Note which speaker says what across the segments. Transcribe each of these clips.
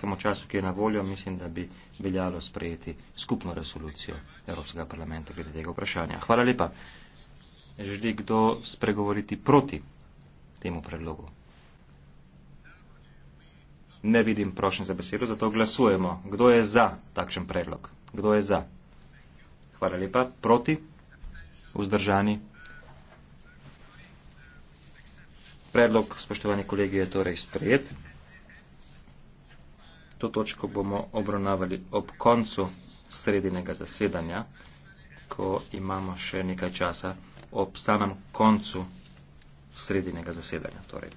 Speaker 1: kratkem času, ki je na voljo, mislim, da bi veljalo sprejeti skupno resolucijo Evropskega parlamenta glede tega vprašanja. Hvala lepa. Želi kdo spregovoriti proti temu predlogu? Ne vidim prošnje za besedo, zato glasujemo. Kdo je za takšen predlog? Kdo je za? Hvala lepa. Proti? Vzdržani? Predlog, spoštovani kolegi, je torej sprejet. To točko bomo obravnavali ob koncu sredinega zasedanja, ko imamo še nekaj časa ob samem koncu sredinega zasedanja. Torej.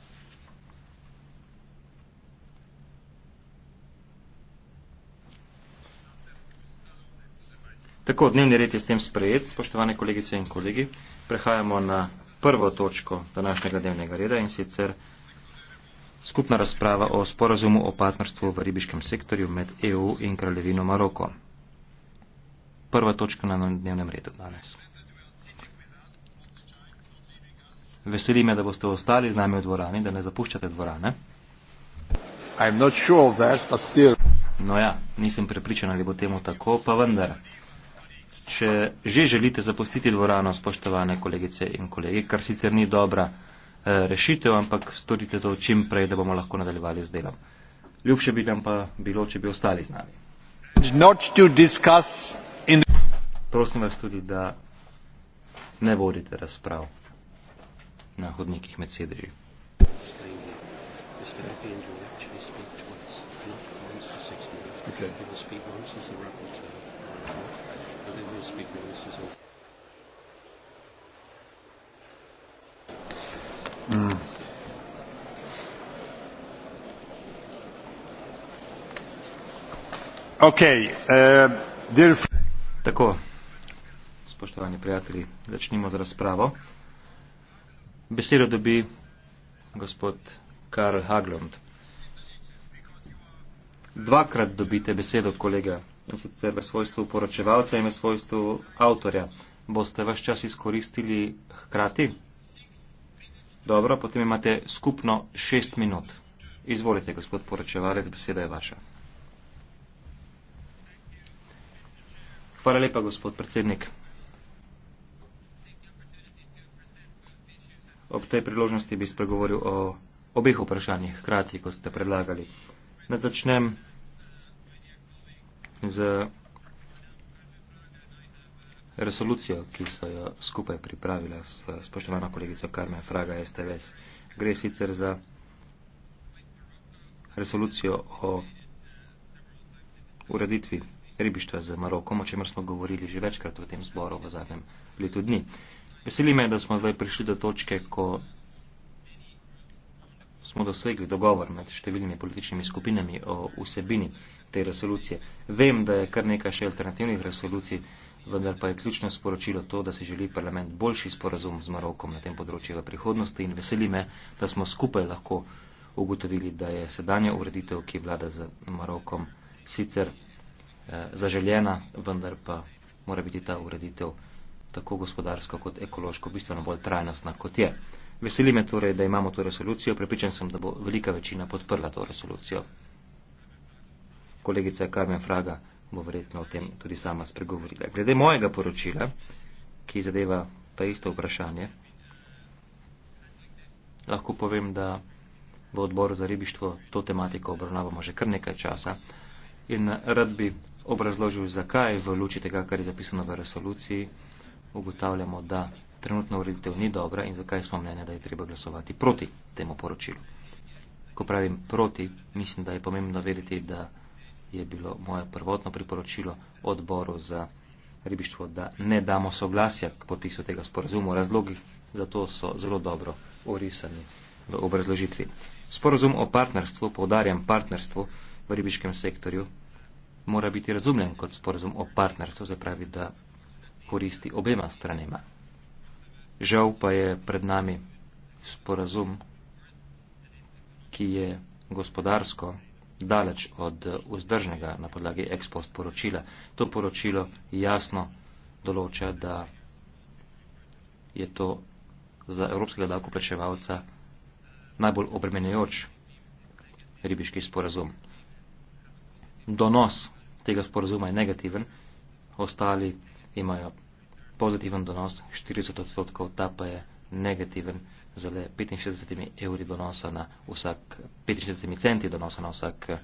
Speaker 1: Tako, dnevni red je s tem sprejet, spoštovane kolegice in kolegi. Prehajamo na prvo točko današnjega dnevnega reda in sicer skupna razprava o sporazumu o partnerstvu v ribiškem sektorju med EU in kraljevino Maroko. Prva točka na dnevnem redu danes. Veseli me, da boste ostali z nami v dvorani, da ne zapuščate dvorane. Sure that, no ja, nisem prepričan, ali bo temu tako, pa vendar. Če že želite zapustiti dvorano, spoštovane kolegice in kolegi, kar sicer ni dobra Eh, rešitev, ampak storite to čim prej, da bomo lahko nadaljevali z delom. Ljubše bi nam pa bilo, če bi ostali z nami. Prosim vas tudi, da ne vodite razprav na hodnikih med sedri.
Speaker 2: Okay. He will speak once as the rapporteur, and then he will speak once as a...
Speaker 1: Mm. Okay, uh, dear... Tako, spoštovani prijatelji, začnimo z razpravo. Besedo dobi gospod Karl Haglund. Dvakrat dobite besedo, kolega, in sicer v svojstvu poročevalca in v svojstvu avtorja. Boste vaš čas izkoristili hkrati? Dobro, potem imate skupno šest minut. Izvolite, gospod poročevalec, beseda je vaša. Hvala lepa, gospod predsednik. Ob tej priložnosti bi spregovoril o obeh vprašanjih, hkrati, kot ste predlagali. Da začnem z resolucijo, ki so jo skupaj pripravila s spoštovano kolegico Karmen Fraga STVS. Gre sicer za resolucijo o ureditvi ribištva z Marokom, o čemer smo govorili že večkrat v tem zboru v zadnjem letu dni. Veseli me, da smo zdaj prišli do točke, ko smo dosegli dogovor med številnimi političnimi skupinami o vsebini te resolucije. Vem, da je kar nekaj še alternativnih resolucij, vendar pa je ključno sporočilo to, da si želi parlament boljši sporazum z Marokom na tem področju v prihodnosti in veseli me, da smo skupaj lahko ugotovili, da je sedanja ureditev, ki vlada z Marokom, sicer eh, zaželjena, vendar pa mora biti ta ureditev tako gospodarsko kot ekološko bistveno bolj trajnostna kot je. Veseli me torej, da imamo to resolucijo, prepričan sem, da bo velika večina podprla to resolucijo. Kolegica Karmen Fraga bo verjetno o tem tudi sama spregovorila. Glede mojega poročila, ki zadeva to isto vprašanje, lahko povem, da v odboru za ribištvo to tematiko obravnavamo že kar nekaj časa in rad bi obrazložil, zakaj v luči tega, kar je zapisano v resoluciji, ugotavljamo, da trenutna ureditev ni dobra in zakaj smo mnenja, da je treba glasovati proti temu poročilu. Ko pravim proti, mislim, da je pomembno vedeti, da je bilo moje prvotno priporočilo odboru za ribištvo, da ne damo soglasja k podpisu tega sporazuma. Razlogi za to so zelo dobro orisani v obrazložitvi. Sporazum o partnerstvu, povdarjam partnerstvu v ribiškem sektorju, mora biti razumljen kot sporazum o partnerstvu, zapravi, da koristi obema stranima. Žal pa je pred nami sporazum, ki je gospodarsko daleč od eh, vzdržnega na podlagi ekspost poročila. To poročilo jasno določa, da je to za evropskega davkoplačevalca najbolj obremenjujoč ribiški sporazum. Donos tega sporazuma je negativen, ostali imajo pozitiven donos 40 odstotkov, ta pa je negativen z le 65 evri donosa na vsak, 65 centi donosa na vsak eh,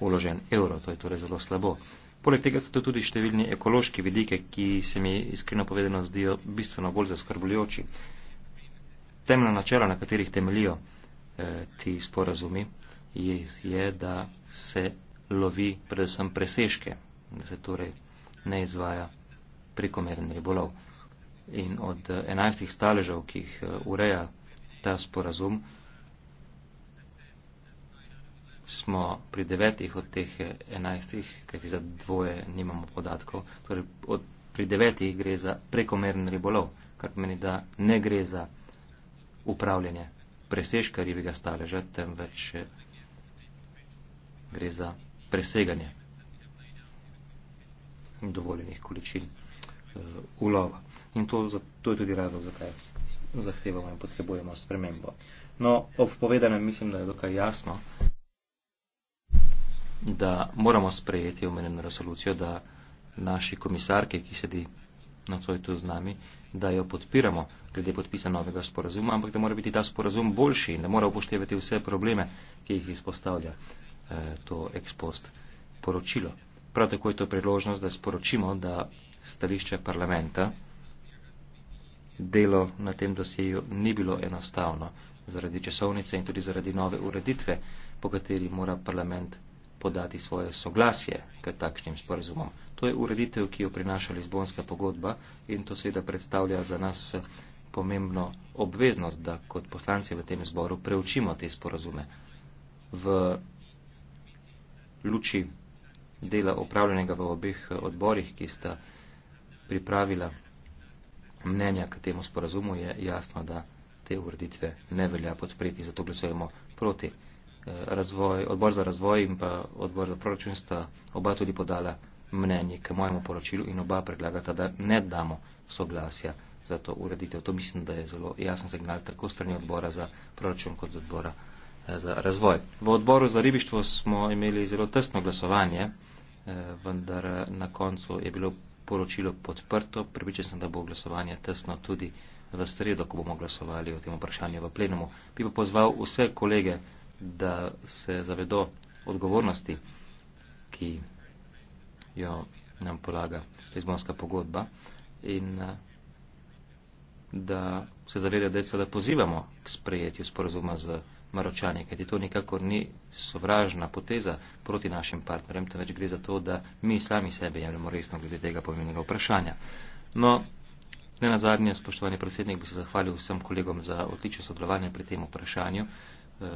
Speaker 1: uložen evro. To je torej zelo slabo. Poleg tega so to tudi številni ekološki vidike, ki se mi iskreno povedano zdijo bistveno bolj zaskrbljujoči. Temeljna načela, na katerih temelijo eh, ti sporazumi, je, je, da se lovi predvsem preseške, da se torej ne izvaja prekomeren ribolov. In od eh, enajstih staležev, ki jih eh, ureja ta sporazum, smo pri devetih od teh enajstih, kajti za dvoje nimamo podatkov, torej od, pri devetih gre za prekomeren ribolov, kar pomeni, da ne gre za upravljanje presežka ribjega staleža, temveč gre za preseganje dovoljenih količin eh, ulova. In to, to je tudi razlog, zakaj zahtevamo in potrebujemo spremembo. No, ob povedanem mislim, da je dokaj jasno, da moramo sprejeti omenjeno resolucijo, da naši komisarki, ki sedi na COJTU z nami, da jo podpiramo glede podpisa novega sporazuma, ampak da mora biti ta sporazum boljši in da mora upoštevati vse probleme, ki jih izpostavlja eh, to ekspost poročilo. Prav tako je to priložnost, da sporočimo, da stališče parlamenta delo na tem dosjeju ni bilo enostavno, zaradi časovnice in tudi zaradi nove ureditve, po kateri mora parlament podati svoje soglasje k takšnim sporazumom. To je ureditev, ki jo prinaša Lizbonska pogodba in to seveda predstavlja za nas eh, pomembno obveznost, da kot poslanci v tem zboru preučimo te sporazume. V luči dela upravljenega v obeh eh, odborih, ki sta pripravila mnenja k temu sporazumu, je jasno, da te ureditve ne velja podpreti, zato glasujemo proti. Eh, razvoj, odbor za razvoj in pa odbor za proračun sta oba tudi podala mnenje k mojemu poročilu in oba predlagata, da ne damo soglasja za to ureditev. To mislim, da je zelo jasen signal tako strani odbora za proračun kot odbora eh, za razvoj. V odboru za ribištvo smo imeli zelo tesno glasovanje, eh, vendar na koncu je bilo poročilo podprto. Pripričan sem, da bo glasovanje tesno tudi v sredo, ko bomo glasovali o tem vprašanju v plenumu. Bi pa pozval vse kolege, da se zavedo odgovornosti, ki jo nam polaga Lizbonska pogodba in eh, da se zavedajo, da je seveda pozivamo k sprejetju sporozuma z Maročani, kajti to nikakor ni sovražna poteza proti našim partnerjem, temveč gre za to, da mi sami sebe jemljemo resno glede tega pomembnega vprašanja. No, ne na zadnje, spoštovani predsednik, bi se zahvalil vsem kolegom za odlično sodelovanje pri tem vprašanju. E,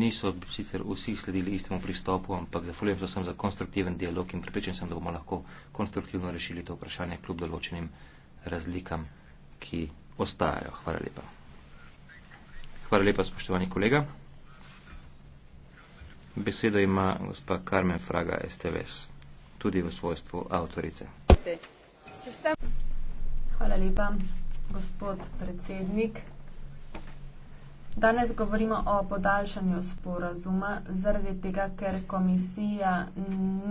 Speaker 1: niso sicer vsi sledili istemu pristopu, ampak zahvaljujem se vsem za konstruktiven dialog in pripričan sem, da bomo lahko konstruktivno rešili to vprašanje kljub določenim razlikam, ki ostajajo. Hvala lepa. Hvala lepa, spoštovani kolega. Besedo ima gospa Carmen Fraga STVS, tudi v svojstvu avtorice.
Speaker 3: Hvala lepa, gospod predsednik. Danes govorimo o podaljšanju sporazuma zaradi tega, ker komisija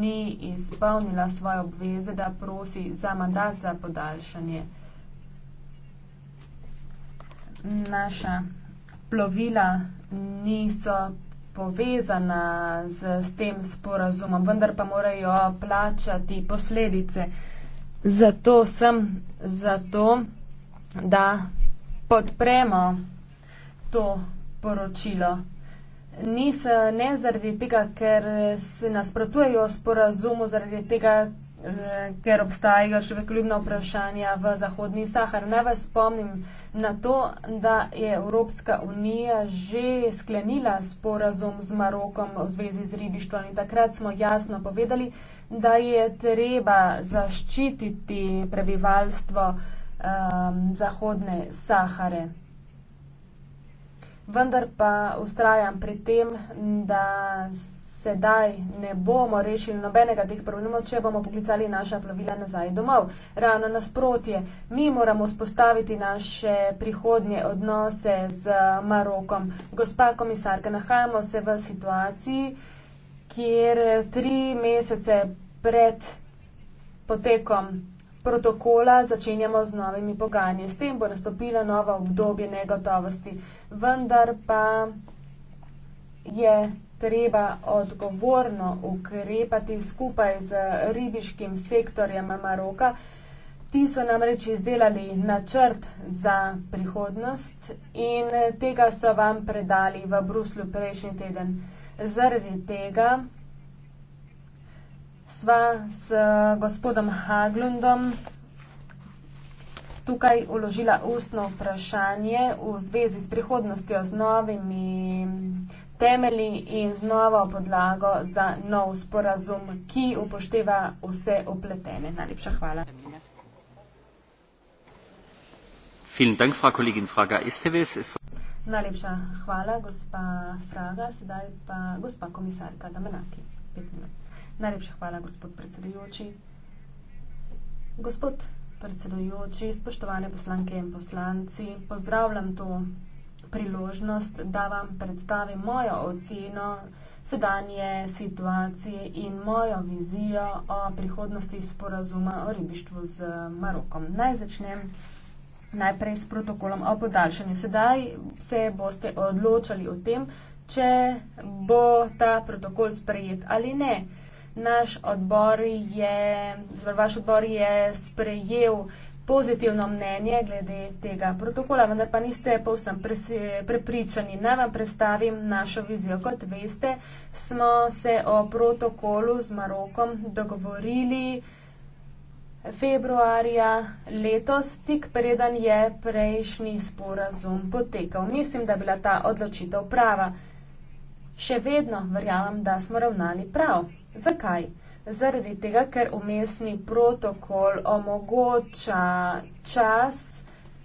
Speaker 3: ni izpolnila svoje obveze, da prosi za mandat za podaljšanje. Naša plovila niso povezana z, z tem sporazumom, vendar pa morajo plačati posledice. Zato sem za to, da podpremo to poročilo. Nis, ne zaradi tega, ker se nasprotujejo sporazumu, zaradi tega, Eh, ker obstajajo še veljubna vprašanja v Zahodni Sahar. Naj vas spomnim na to, da je Evropska unija že sklenila sporazum z Marokom v zvezi z ribištvom in takrat smo jasno povedali, da je treba zaščititi prebivalstvo um, Zahodne Sahare. Vendar pa ustrajam pri tem, da. Z, sedaj ne bomo rešili nobenega teh problemov, če bomo poklicali naša plovila nazaj domov. Ravno nasprotje, mi moramo spostaviti naše prihodnje odnose z Marokom. Gospa komisarka, nahajamo se v situaciji, kjer tri mesece pred potekom protokola začenjamo z novimi pogajanji. S tem bo nastopila nova obdobje negotovosti. Vendar pa je treba odgovorno ukrepati skupaj z ribiškim sektorjem Maroka. Ti so namreč izdelali načrt za prihodnost in tega so vam predali v Bruslju prejšnji teden. Zaradi tega sva s gospodom Haglundom tukaj uložila ustno vprašanje v zvezi s prihodnostjo, z novimi temelji in z novo podlago za nov sporazum, ki upošteva vse opletene. Najlepša hvala. Najlepša hvala, gospa Fraga. Sedaj pa gospa komisarka Damenaki. Najlepša hvala, gospod predsedujoči. Gospod predsedujoči, spoštovane poslanke in poslanci, pozdravljam to priložnost, da vam predstavim mojo oceno sedanje situacije in mojo vizijo o prihodnosti sporazuma o ribištvu z Marokom. Naj začnem najprej s protokolom o podaljšanju. Sedaj se boste odločali o tem, če bo ta protokol sprejet ali ne. Naš odbor je, vaš odbor je sprejel pozitivno mnenje glede tega protokola, vendar pa niste povsem prepričani. Naj vam predstavim našo vizijo. Kot veste, smo se o protokolu z Marokom dogovorili februarja letos, tik preden je prejšnji sporazum potekal. Mislim, da je bila ta odločitev prava. Še vedno verjamem, da smo ravnali prav. Zakaj? Zaradi tega, ker umestni protokol omogoča čas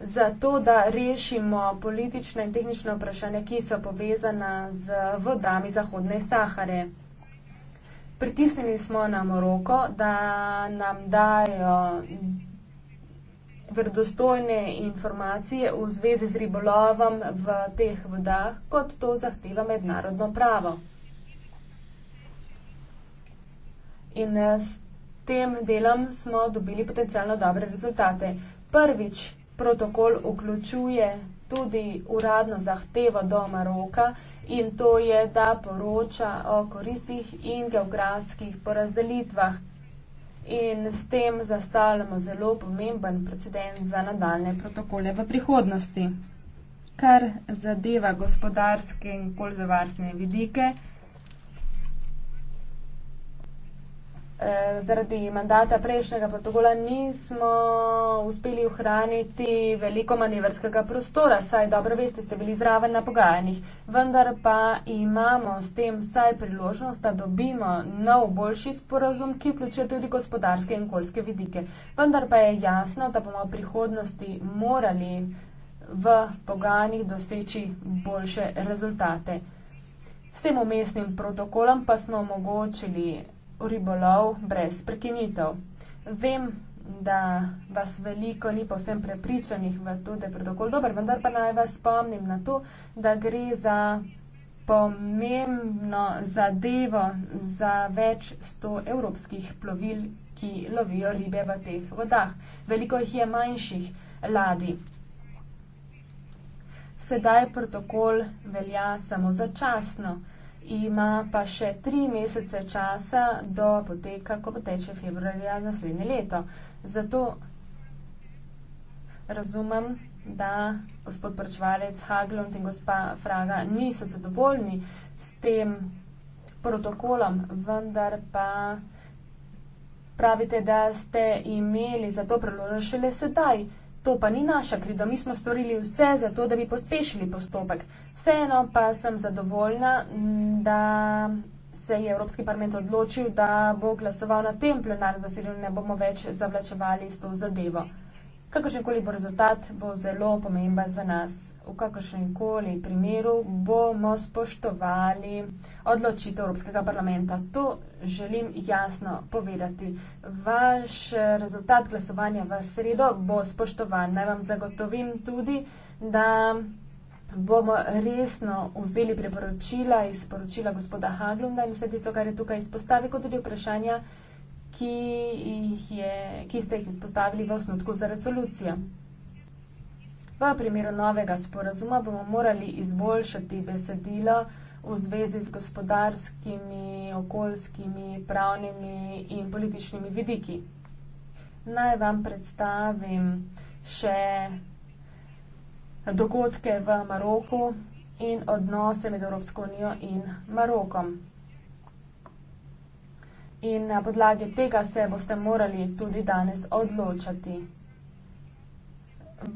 Speaker 3: za to, da rešimo politične in tehnične vprašanja, ki so povezana z vodami Zahodne Sahare. Pritisnili smo na Moroko, da nam dajo verodostojne informacije v zvezi z ribolovom v teh vodah, kot to zahteva mednarodno pravo. in eh, s tem delom smo dobili potencialno dobre rezultate. Prvič, protokol vključuje tudi uradno zahtevo do Maroka in to je, da poroča o koristih in geografskih porazdelitvah. In s tem zastavljamo zelo pomemben precedens za nadaljne protokole v prihodnosti. Kar zadeva gospodarske in koldovarsne vidike, Eh, zaradi mandata prejšnjega protokola nismo uspeli ohraniti veliko manevrskega prostora, saj dobro veste, ste bili zraven na pogajanjih, vendar pa imamo s tem vsaj priložnost, da dobimo nov boljši sporozum, ki vključuje tudi gospodarske in okoljske vidike. Vendar pa je jasno, da bomo v prihodnosti morali v pogajanjih doseči boljše rezultate. S tem umestnim protokolom pa smo omogočili ribolov brez prekinitev. Vem, da vas veliko ni povsem prepričanih v to, da je protokol dober, vendar pa naj vas spomnim na to, da gre za pomembno zadevo za več sto evropskih plovil, ki lovijo ribe v teh vodah. Veliko jih je manjših ladi. Sedaj protokol velja samo začasno ima pa še tri mesece časa do poteka, ko poteče februarja naslednje leto. Zato razumem, da gospod Prčvarec Haglund in gospa Fraga niso zadovoljni s tem protokolom, vendar pa pravite, da ste imeli za to priložnost šele sedaj. To pa ni naša krivda, mi smo storili vse za to, da bi pospešili postopek. Vseeno pa sem zadovoljna, da se je Evropski parlament odločil, da bo glasoval na tem plenar zasedanju, ne bomo več zavlačevali s to zadevo. Kakršen koli bo rezultat, bo zelo pomemben za nas. V kakršnem koli primeru bomo spoštovali odločitev Evropskega parlamenta. To želim jasno povedati. Vaš rezultat glasovanja v sredo bo spoštovan. Naj vam zagotovim tudi, da bomo resno vzeli priporočila iz poročila gospoda Haglunda in vse tisto, kar je tukaj izpostavil, kot tudi vprašanja ki, je, ki ste jih izpostavili v osnutku za resolucijo. V primeru novega sporazuma bomo morali izboljšati besedilo v zvezi z gospodarskimi, okoljskimi, pravnimi in političnimi vidiki. Naj vam predstavim še dogodke v Maroku in odnose med Evropsko unijo in Marokom. In na podlagi tega se boste morali tudi danes odločati.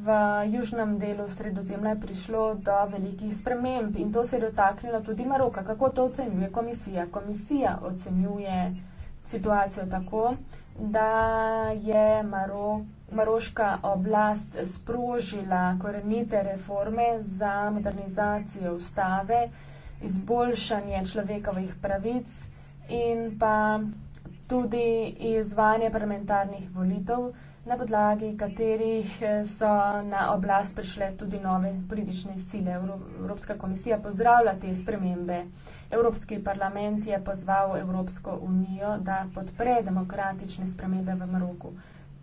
Speaker 3: V južnem delu sredozemlja je prišlo do velikih sprememb in to se je dotaknilo tudi Maroka. Kako to ocenjuje komisija? Komisija ocenjuje situacijo tako, da je Maro, maroška oblast sprožila korenite reforme za modernizacijo ustave, izboljšanje človekovih pravic in pa tudi izvajanje parlamentarnih volitev, na podlagi katerih eh, so na oblast prišle tudi nove politične sile. Evropska komisija pozdravlja te spremembe. Evropski parlament je pozval Evropsko unijo, da podpre demokratične spremembe v Maroku.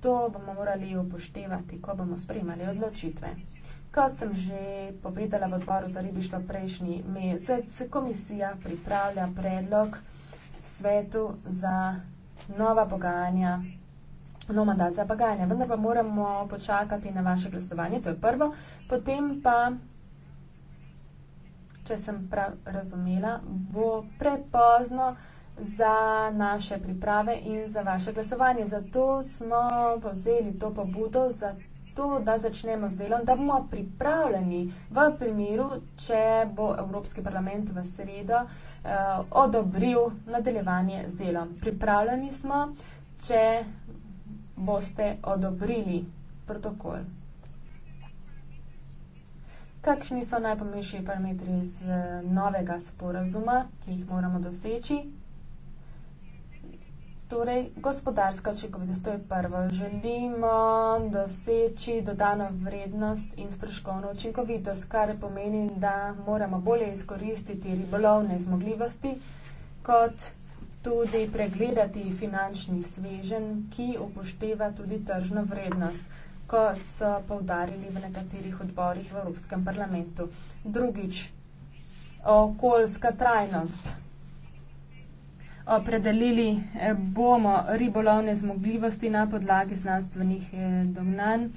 Speaker 3: To bomo morali upoštevati, ko bomo sprejemali odločitve. Kot sem že povedala v odboru za ribištvo prejšnji mesec, komisija pripravlja predlog svetu za nova pogajanja, nov mandat za pogajanja. Vendar pa moramo počakati na vaše glasovanje, to je prvo. Potem pa, če sem prav razumela, bo prepozno za naše priprave in za vaše glasovanje. Zato smo povzeli to pobudo, zato to, da začnemo z delom, da bomo pripravljeni v primeru, če bo Evropski parlament v sredo eh, odobril nadaljevanje z delom. Pripravljeni smo, če boste odobrili protokol. Kakšni so najpomembnejši parametri iz novega sporazuma, ki jih moramo doseči? torej gospodarska učinkovitost, to je prvo. Želimo doseči dodano vrednost in stroškovno učinkovitost, kar pomeni, da moramo bolje izkoristiti ribolovne zmogljivosti, kot tudi pregledati finančni svežen, ki upošteva tudi tržno vrednost kot so povdarili v nekaterih odborih v Evropskem parlamentu. Drugič, okoljska trajnost opredelili eh, bomo ribolovne zmogljivosti na podlagi znanstvenih eh, dognanj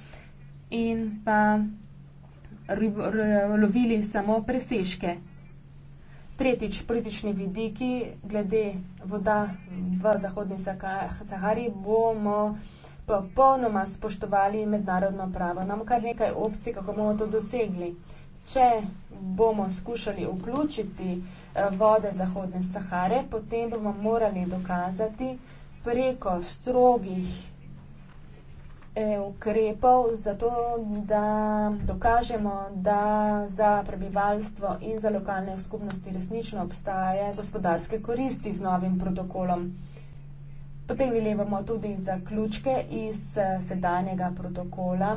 Speaker 3: in pa lovili samo presežke. Tretjič, politični vidiki glede voda v Zahodni Sahari bomo popolnoma spoštovali mednarodno pravo. Nam kar nekaj opcij, kako bomo to dosegli če bomo skušali vključiti eh, vode Zahodne Sahare, potem bomo morali dokazati preko strogih eh, ukrepov, zato da dokažemo, da za prebivalstvo in za lokalne skupnosti resnično obstaje gospodarske koristi z novim protokolom. Potem vilevamo tudi zaključke iz eh, sedanjega protokola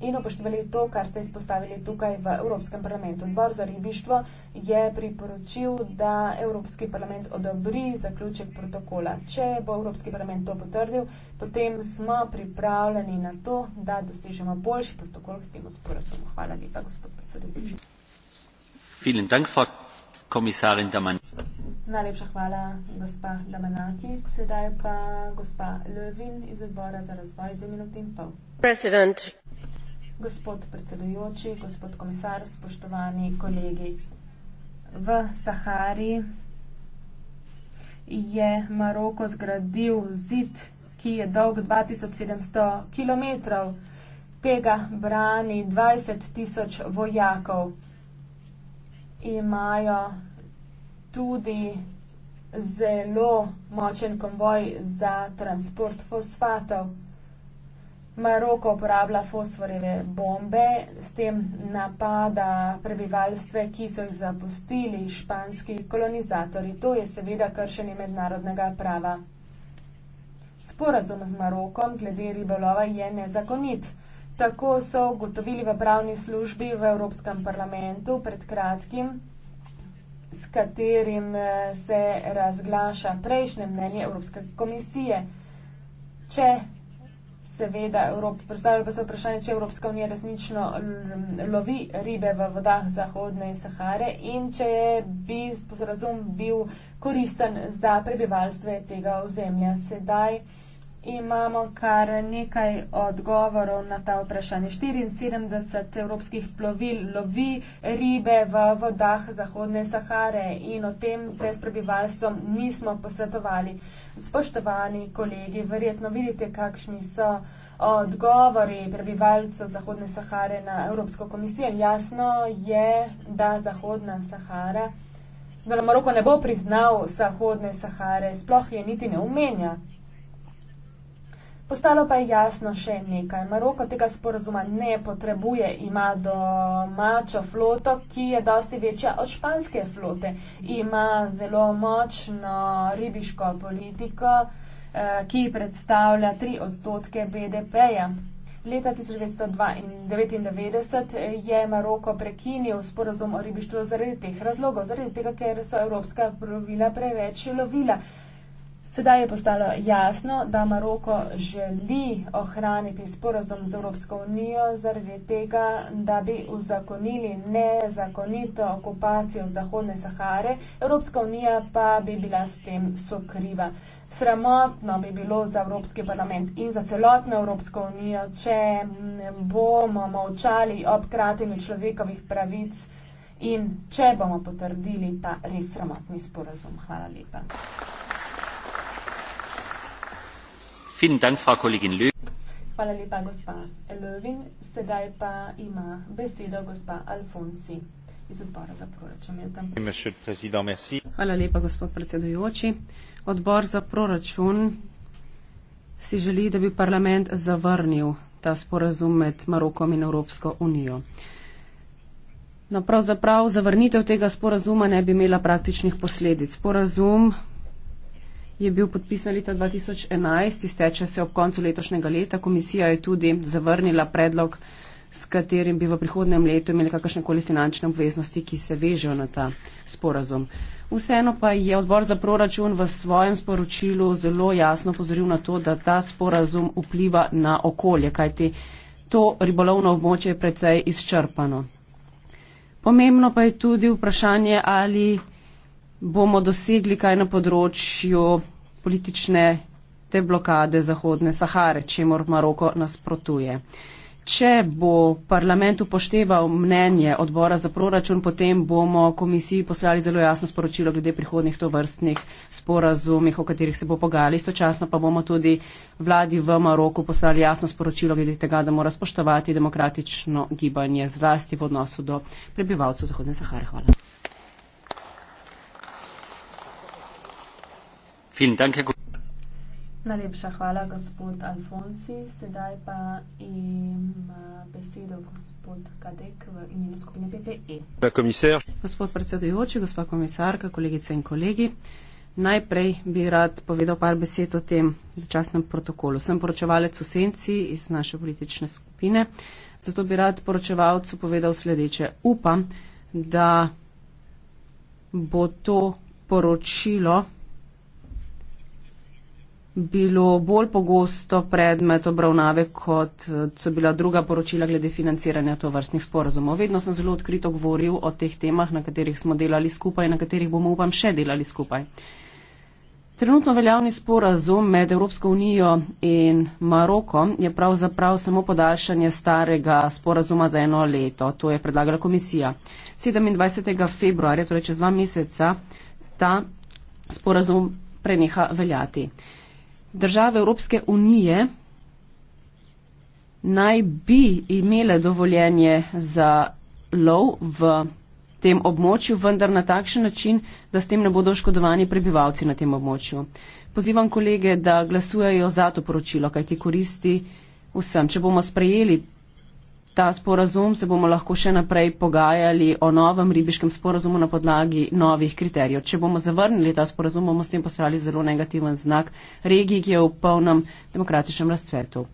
Speaker 3: in upoštevali to, kar ste izpostavili tukaj v Evropskem parlamentu. Odbor za ribištvo je priporočil, da Evropski parlament odobri zaključek protokola. Če bo Evropski parlament to potrdil, potem smo pripravljeni na to, da dosežemo boljši protokol k temu sporazumu. Hvala lepa, gospod predsedujoči.
Speaker 2: Vielen Dank, Frau Kommissarin Damanaki.
Speaker 3: Najlepša hvala, gospa Damanaki. Sedaj pa gospa Lövin iz odbora za razvoj, dve minuti in pol.
Speaker 4: President
Speaker 3: gospod predsedujoči, gospod komisar, spoštovani kolegi. V Sahari je Maroko zgradil zid, ki je dolg 2700 km. Tega brani 20 tisoč vojakov. Imajo tudi zelo močen konvoj za transport fosfatov. Maroko uporablja fosforjeve bombe, s tem napada prebivalstve, ki so jih zapustili španski kolonizatori. To je seveda kršenje mednarodnega prava. Sporazum z Marokom glede ribolova je nezakonit. Tako so ugotovili v pravni službi v Evropskem parlamentu pred kratkim s katerim eh, se razglaša prejšnje mnenje Evropske komisije. Če seveda Evropi. Predstavlja pa se vprašanje, če Evropska unija resnično lovi ribe v vodah Zahodne Sahare in če je bi sporazum bil koristen za prebivalstvo tega ozemlja sedaj imamo kar nekaj odgovorov na ta vprašanje. 74 evropskih plovil lovi ribe v vodah Zahodne Sahare in o tem se s prebivalstvom nismo posvetovali. Spoštovani kolegi, verjetno vidite, kakšni so odgovori prebivalcev Zahodne Sahare na Evropsko komisijo. Jasno je, da Zahodna Sahara, da Maroko ne bo priznal Zahodne Sahare, sploh je niti ne umenja. Postalo pa je jasno še nekaj. Maroko tega sporazuma ne potrebuje, ima domačo floto, ki je dosti večja od španske flote. Ima zelo močno ribiško politiko, eh, ki predstavlja 3 odstotke BDP-ja. Leta 1999 je Maroko prekinil sporazum o ribištvu zaradi teh razlogov, zaradi tega, ker so evropska pravila preveč lovila. Sedaj je postalo jasno, da Maroko želi ohraniti sporozum z Evropsko unijo zaradi tega, da bi uzakonili nezakonito okupacijo Zahodne Sahare, Evropska unija pa bi bila s tem sokriva. Sramotno bi bilo za Evropski parlament in za celotno Evropsko unijo, če bomo molčali ob kratenju človekovih pravic in če bomo potrdili ta res sramotni sporozum. Hvala lepa.
Speaker 2: Hvala
Speaker 3: lepa, gospa Lövin. Sedaj pa ima besedo gospa Alfonsi iz odbora
Speaker 4: za proračun. Hvala lepa, gospod predsedujoči. Odbor za proračun si želi, da bi parlament zavrnil ta sporazum med Marokom in Evropsko unijo. No, pravzaprav zavrnitev tega sporazuma ne bi imela praktičnih posledic. Sporazum je bil podpisan leta 2011, izteče se ob koncu letošnjega leta. Komisija je tudi zavrnila predlog, s katerim bi v prihodnem letu imeli kakršne koli finančne obveznosti, ki se vežejo na ta sporazum. Vseeno pa je odbor za proračun v svojem sporočilu zelo jasno pozoril na to, da ta sporazum vpliva na okolje, kajti to ribolovno območje je precej izčrpano. Pomembno pa je tudi vprašanje, ali bomo dosegli kaj na področju politične te blokade Zahodne Sahare, čemor Maroko nasprotuje. Če bo parlament upošteval mnenje odbora za proračun, potem bomo komisiji poslali zelo jasno sporočilo glede prihodnih tovrstnih sporazumih, o katerih se bo pogajali. Istočasno pa bomo tudi vladi v Maroku poslali jasno sporočilo glede tega, da mora spoštovati demokratično gibanje zlasti v odnosu do prebivalcev Zahodne Sahare.
Speaker 2: Hvala.
Speaker 3: Najlepša hvala, gospod Alfonsi. Sedaj pa ima besedo gospod Kadek v imenu skupine PPE.
Speaker 4: Gospod predsedujoči, gospa komisarka, kolegice in kolegi. Najprej bi rad povedal par besed o tem začasnem protokolu. Sem poročevalec v Senci iz naše politične skupine, zato bi rad poročevalcu povedal sledeče. Upam, da bo to poročilo bilo bolj pogosto predmet obravnave, kot eh, so bila druga poročila glede financiranja tovrstnih sporazumov. Vedno sem zelo odkrito govoril o teh temah, na katerih smo delali skupaj in na katerih bomo, upam, še delali skupaj. Trenutno veljavni sporazum med Evropsko unijo in Maroko je pravzaprav samo podaljšanje starega sporazuma za eno leto. To je predlagala komisija. 27. februarja, torej čez dva meseca, ta sporazum preneha veljati države Evropske unije naj bi imele dovoljenje za lov v tem območju, vendar na takšen način, da s tem ne bodo oškodovani prebivalci na tem območju. Pozivam kolege, da glasujejo za to poročilo, kajti koristi vsem. Če bomo sprejeli ta sporazum, se bomo lahko še naprej pogajali o novem ribiškem sporazumu na podlagi novih kriterijev. Če bomo zavrnili ta sporazum, bomo s tem poslali zelo negativen znak regiji, ki je v polnem demokratičnem razcvetu.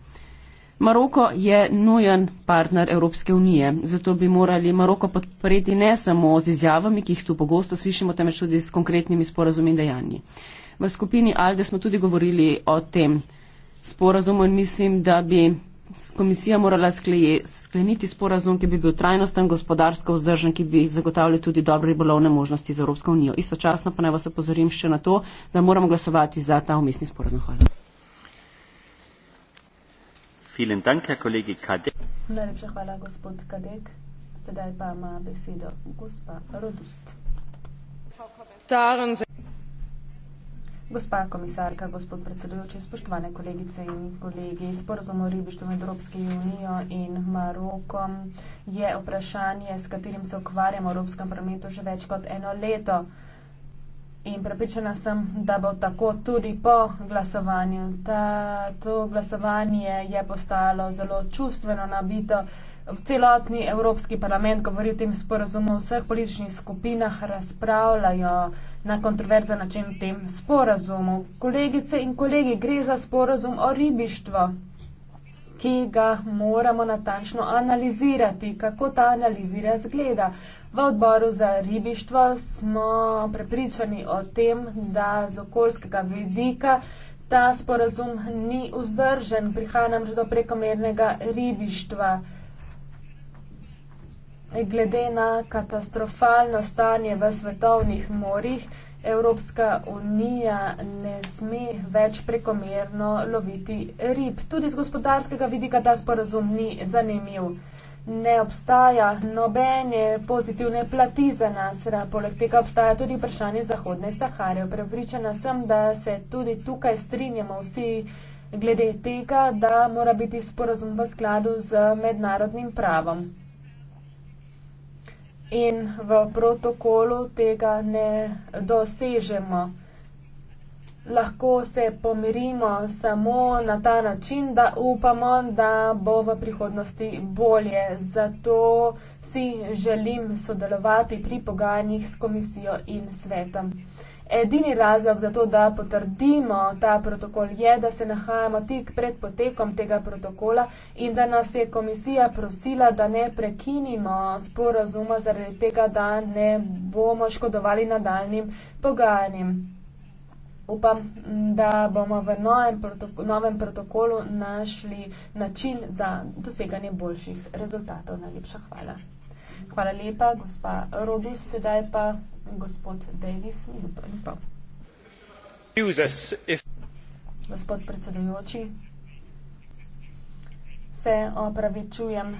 Speaker 4: Maroko je nujen partner Evropske unije, zato bi morali Maroko podpreti ne samo z izjavami, ki jih tu pogosto slišimo, temveč tudi s konkretnimi sporazumi in dejanji. V skupini Alde smo tudi govorili o tem sporazumu in mislim, da bi komisija morala skleje, skleniti sporazum, ki bi bil trajnosten, gospodarsko vzdržen, ki bi zagotavljal tudi dobre ribolovne možnosti za Evropsko unijo. Istočasno pa naj vas opozorim še na to, da moramo glasovati za ta umestni sporazum. Hvala.
Speaker 2: Dank, kolegi Kadek.
Speaker 3: Najlepša hvala, gospod Kadek. Sedaj pa ima besedo gospa Rodust. Frau Kommissarin, Gospa komisarka, gospod predsedujoči, spoštovane kolegice in kolegi, sporozum o ribištvu med Evropsko unijo in Marokom je vprašanje, s katerim se ukvarjamo v Evropskem prometu že več kot eno leto. In prepričana sem, da bo tako tudi po glasovanju. Ta, to glasovanje je postalo zelo čustveno nabito. V celotni Evropski parlament govori o tem sporozumu, v vseh političnih skupinah razpravljajo na kontroverzen način tem sporazumu. Kolegice in kolegi, gre za sporazum o ribištvo, ki ga moramo natančno analizirati, kako ta analizira zgleda. V odboru za ribištvo smo prepričani o tem, da z okoljskega vidika ta sporazum ni vzdržen, prihaja namreč do prekomernega ribištva. Glede na katastrofalno stanje v svetovnih morjih, Evropska unija ne sme več prekomerno loviti rib. Tudi z gospodarskega vidika ta sporazum ni zanimiv. Ne obstaja nobene pozitivne plati za nas, poleg tega obstaja tudi vprašanje Zahodne Sahare. Prepričana sem, da se tudi tukaj strinjamo vsi glede tega, da mora biti sporazum v skladu z mednarodnim pravom in v protokolu tega ne dosežemo. Lahko se pomirimo samo na ta način, da upamo, da bo v prihodnosti bolje. Zato si želim sodelovati pri pogajanjih s komisijo in svetom. Edini razlog za to, da potrdimo ta protokol, je, da se nahajamo tik pred potekom tega protokola in da nas je komisija prosila, da ne prekinimo sporazuma zaradi tega, da ne bomo škodovali nadaljnim pogajanjem. Upam, da bomo v novem, protoko novem protokolu našli način za doseganje boljših rezultatov. Najlepša hvala. Hvala lepa, gospa Rodus. Sedaj pa gospod Davis. Gospod predsedujoči, se opravičujem,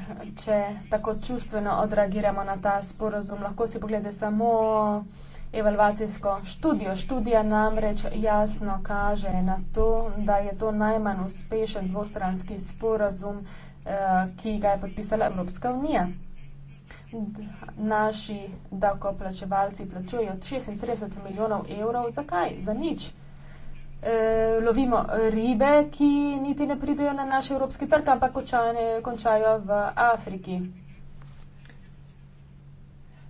Speaker 3: če tako čustveno odreagiramo na ta sporozum. Lahko si poglede samo evalvacijsko študijo. Študija namreč jasno kaže na to, da je to najmanj uspešen dvostranski sporozum, eh, ki ga je podpisala Evropska unija naši dakoplačevalci plačujejo 36 milijonov evrov. Zakaj? Za nič. E, lovimo ribe, ki niti ne pridejo na naš evropski trg, ampak končane, končajo v Afriki.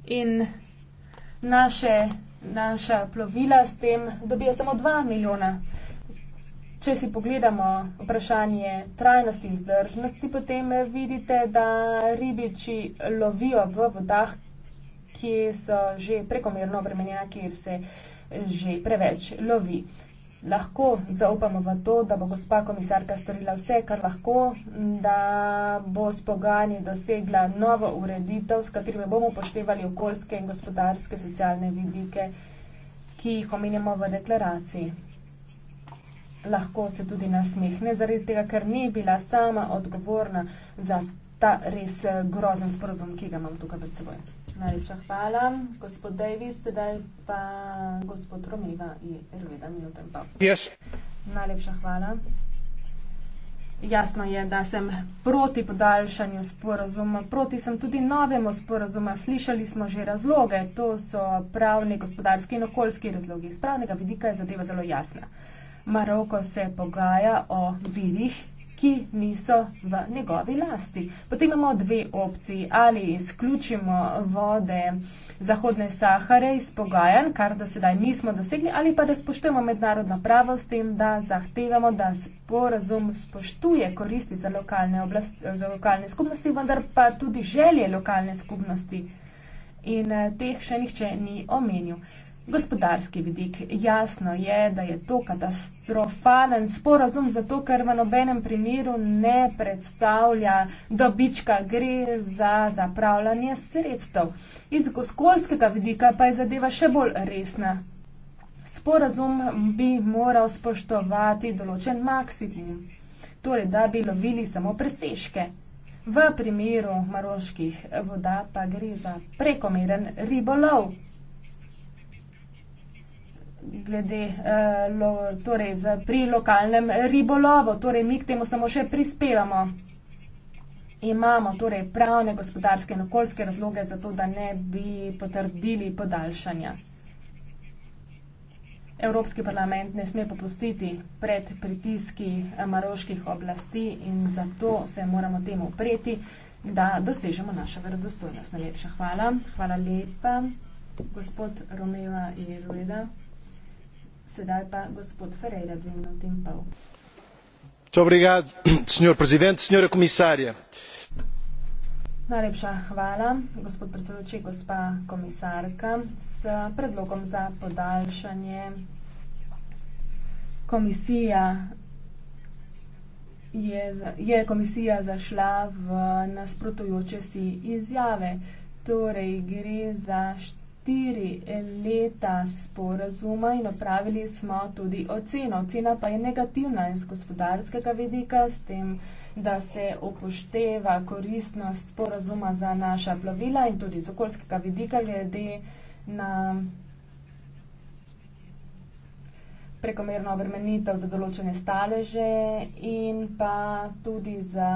Speaker 3: In naše, naša plovila s tem dobijo samo 2 milijona evrov. Če si pogledamo vprašanje trajnosti in zdržnosti, potem vidite, da ribiči lovijo v vodah, ki so že prekomerno obremenjena, kjer se že preveč lovi. Lahko zaupamo v to, da bo gospa komisarka storila vse, kar lahko, da bo s pogajanji dosegla novo ureditev, s katerimi bomo upoštevali okoljske in gospodarske socialne vidike, ki jih omenjamo v deklaraciji lahko se tudi nasmehne, zaradi tega, ker ni bila sama odgovorna za ta res eh, grozen sporozum, ki ga imam tukaj pred seboj. Najlepša hvala, gospod Davis, sedaj pa gospod Romeva in Erveda Minuten pa. Yes. Najlepša hvala. Jasno je, da sem proti podaljšanju sporozuma, proti sem tudi novemu sporozuma. Slišali smo že razloge, to so pravni, gospodarski in okoljski razlogi. Z pravnega vidika je zadeva zelo jasna. Maroko se pogaja o virih, ki niso v njegovi lasti. Potem imamo dve opciji. Ali izključimo vode Zahodne Sahare iz pogajanj, kar do sedaj nismo dosegli, ali pa da spoštujemo mednarodno pravo s tem, da zahtevamo, da sporazum spoštuje koristi za lokalne, oblast, za lokalne skupnosti, vendar pa tudi želje lokalne skupnosti. In eh, teh še nihče ni omenil. Gospodarski vidik. Jasno je, da je to katastrofalen sporazum, zato ker v nobenem primeru ne predstavlja dobička, gre za zapravljanje sredstev. Iz okoljskega vidika pa je zadeva še bolj resna. Sporazum bi moral spoštovati določen maksimum, torej da bi lovili samo presežke. V primeru maroških voda pa gre za prekomeren ribolov glede, eh, lo, torej za, pri lokalnem ribolovu, torej mi k temu samo še prispevamo. Imamo torej pravne, gospodarske in okoljske razloge za to, da ne bi potrdili podaljšanja. Evropski parlament ne sme popustiti pred pritiski eh, maroških oblasti in zato se moramo temu upreti, da dosežemo našo verodostojnost. Najlepša hvala. Hvala lepa, gospod Romeva Jerujeda. Sedaj pa gospod Ferreira, dve minuti in pol.
Speaker 1: Če obrigado, senjor predsednik, senjora komisarja.
Speaker 3: Najlepša hvala, gospod predsedujoči, gospa komisarka, s predlogom za podaljšanje komisija. Je, je komisija zašla v nasprotujoče si izjave, torej gre za štiri leta sporazuma in opravili smo tudi oceno. Ocena pa je negativna iz gospodarskega vidika, s tem, da se upošteva koristnost sporazuma za naša plovila in tudi iz okoljskega vidika glede na prekomerno obremenitev za določene staleže in pa tudi za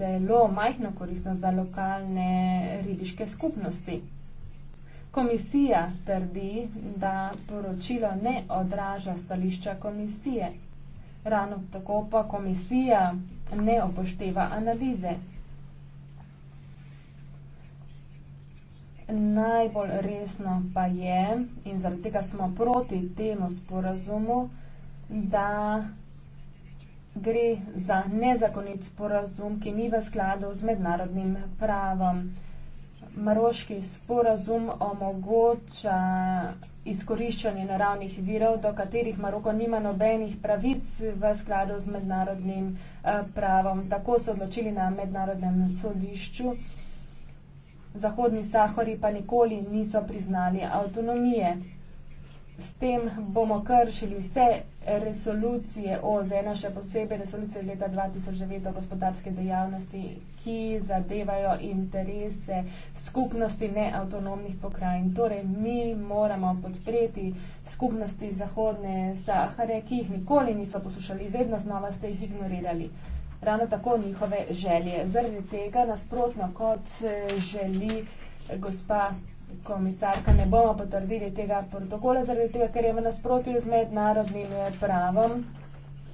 Speaker 3: zelo majhno koristnost za lokalne ribiške skupnosti. Komisija trdi, da poročilo ne odraža stališča komisije. Ravno tako pa komisija ne upošteva analize. Najbolj resno pa je, in zaradi tega smo proti temu sporazumu, da gre za nezakonit sporazum, ki ni v skladu z mednarodnim pravom. Maroški sporazum omogoča izkoriščanje naravnih virov, do katerih Maroko nima nobenih pravic v skladu z mednarodnim eh, pravom. Tako so odločili na mednarodnem sodišču. Zahodni Sahori pa nikoli niso priznali avtonomije. S tem bomo kršili vse resolucije OZN, še posebej resolucije leta 2009 o gospodarske dejavnosti, ki zadevajo interese skupnosti neautonomnih pokrajin. Torej, mi moramo podpreti skupnosti Zahodne Sahare, ki jih nikoli niso poslušali, vedno znova ste jih ignorirali. Ravno tako njihove želje. Zaradi tega nasprotno, kot eh, želi gospa komisarka, ne bomo potrdili tega protokola, zaradi tega, ker je v nasprotju z mednarodnim eh, pravom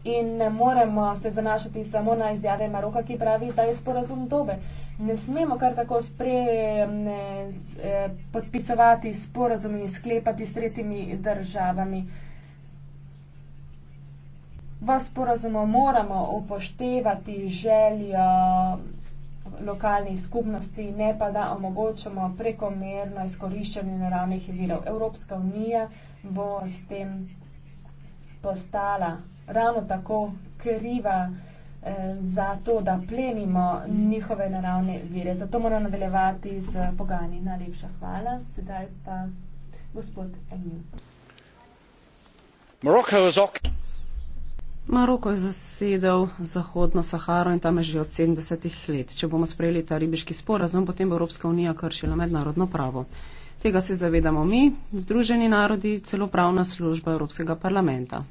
Speaker 3: in ne moremo se zanašati samo na izjave Maroka, ki pravi, da je sporazum dobe. Ne smemo kar tako sprejemne eh, podpisovati sporazum in sklepati s tretjimi državami. V sporazumu moramo upoštevati željo lokalnih skupnosti, ne pa da omogočamo prekomerno izkoriščanje naravnih virov. Evropska unija bo s tem postala ravno tako kriva eh, za to, da plenimo njihove naravne vire. Zato moram nadaljevati z pogajanji. Najlepša hvala. Sedaj pa gospod Emil.
Speaker 4: Morocco is occupied. Maroko je zasedel Zahodno Saharo in tam je že od 70 let. Če bomo sprejeli ta ribiški sporazum, potem bo Evropska unija kršila mednarodno pravo. Tega se zavedamo mi, Združeni narodi, celo pravna služba Evropskega parlamenta.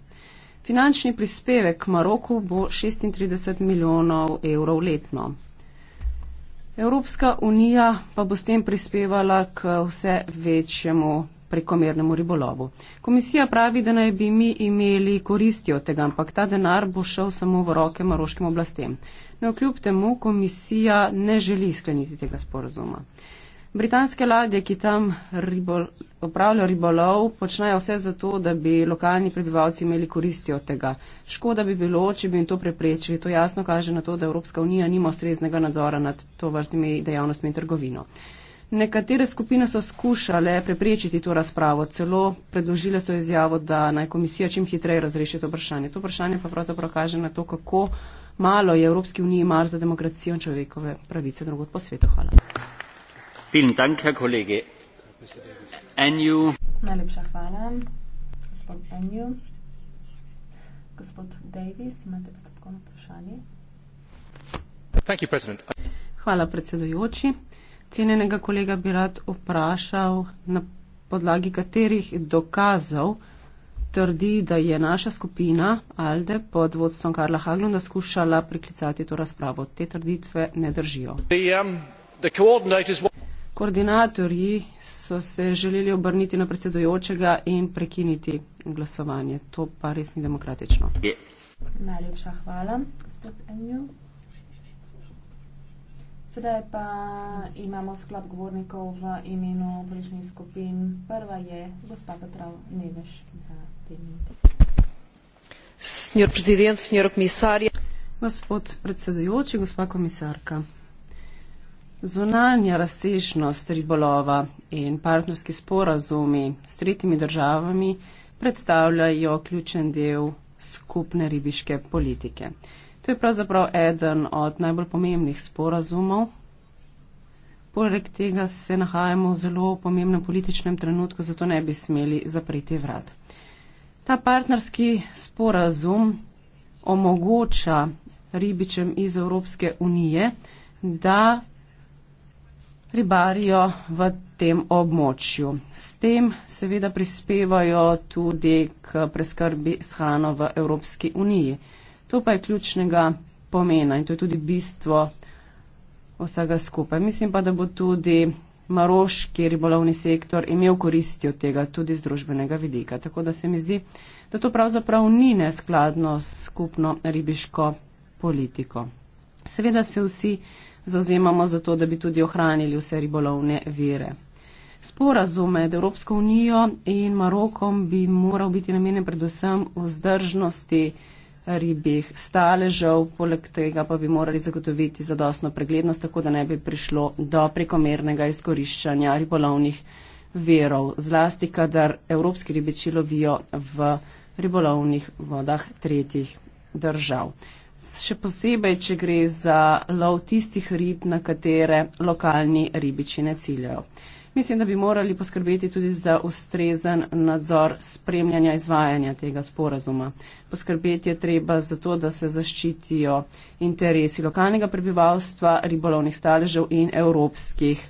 Speaker 4: Finančni prispevek Maroku bo 36 milijonov evrov letno. Evropska unija pa bo s tem prispevala k vse večjemu prekomernemu ribolovu. Komisija pravi, da naj bi mi imeli koristi od tega, ampak ta denar bo šel samo v roke maroškim oblastem. Neokljub temu komisija ne želi skleniti tega sporozuma. Britanske ladje, ki tam ribol, opravljajo ribolov, počnejo vse zato, da bi lokalni prebivalci imeli koristi od tega. Škoda bi bilo, če bi jim to preprečili. To jasno kaže na to, da Evropska unija nima ustreznega nadzora nad to vrstnimi dejavnostmi in trgovino. Nekatere skupine so skušale preprečiti to razpravo, celo predložile so izjavo, da naj komisija čim hitreje razreši to vprašanje. To vprašanje pa pravzaprav kaže na to, kako malo je Evropski uniji mar za demokracijo in človekove pravice drugot po svetu. Hvala.
Speaker 2: Dank, Herr Kollege. Enju.
Speaker 3: Najlepša hvala, gospod Enju. Gospod Davis, imate postopkovno vprašanje?
Speaker 4: Hvala predsedujoči. Cenjenega kolega bi rad vprašal, na podlagi katerih dokazov trdi, da je naša skupina Alde pod vodstvom Karla Haglunda skušala priklicati to razpravo. Te trditve ne držijo. The, um, the Koordinatorji so se želeli obrniti na predsedojočega in prekiniti glasovanje. To pa res ni demokratično. Yeah.
Speaker 3: Najlepša hvala, gospod Enju. Sedaj pa imamo sklop govornikov v imenu bližnjih skupin. Prva je gospa Petrov Neveš za te minute.
Speaker 4: Senjor prezident, senjor komisar. Gospod predsedujoči, gospa komisarka. Zunanja razsežnost ribolova in partnerski sporazumi s tretjimi državami predstavljajo ključen del skupne ribiške politike. To je pravzaprav eden od najbolj pomembnih sporazumov. Poleg tega se nahajamo v zelo pomembnem političnem trenutku, zato ne bi smeli zapreti vrat. Ta partnerski sporazum omogoča ribičem iz Evropske unije, da ribarijo v tem območju. S tem seveda prispevajo tudi k preskrbi s hrano v Evropski uniji. To pa je ključnega pomena in to je tudi bistvo vsega skupaj. Mislim pa, da bo tudi Maroš, kjer je bolovni sektor, imel koristi od tega tudi z družbenega vidika. Tako da se mi zdi, da to pravzaprav ni neskladno s skupno ribiško politiko. Seveda se vsi zauzemamo za to, da bi tudi ohranili vse ribolovne vire. Sporazum med Evropsko unijo in Marokom bi moral biti namenjen predvsem vzdržnosti ribjih staležev, poleg tega pa bi morali zagotoviti zadostno preglednost, tako da ne bi prišlo do prekomernega izkoriščanja ribolovnih verov, zlasti kadar evropski ribiči lovijo v ribolovnih vodah tretjih držav. Še posebej, če gre za lov tistih rib, na katere lokalni ribiči ne ciljajo mislim, da bi morali poskrbeti tudi za ustrezen nadzor spremljanja izvajanja tega sporazuma. Poskrbeti je treba za to, da se zaščitijo interesi lokalnega prebivalstva, ribolovnih staležev in evropskih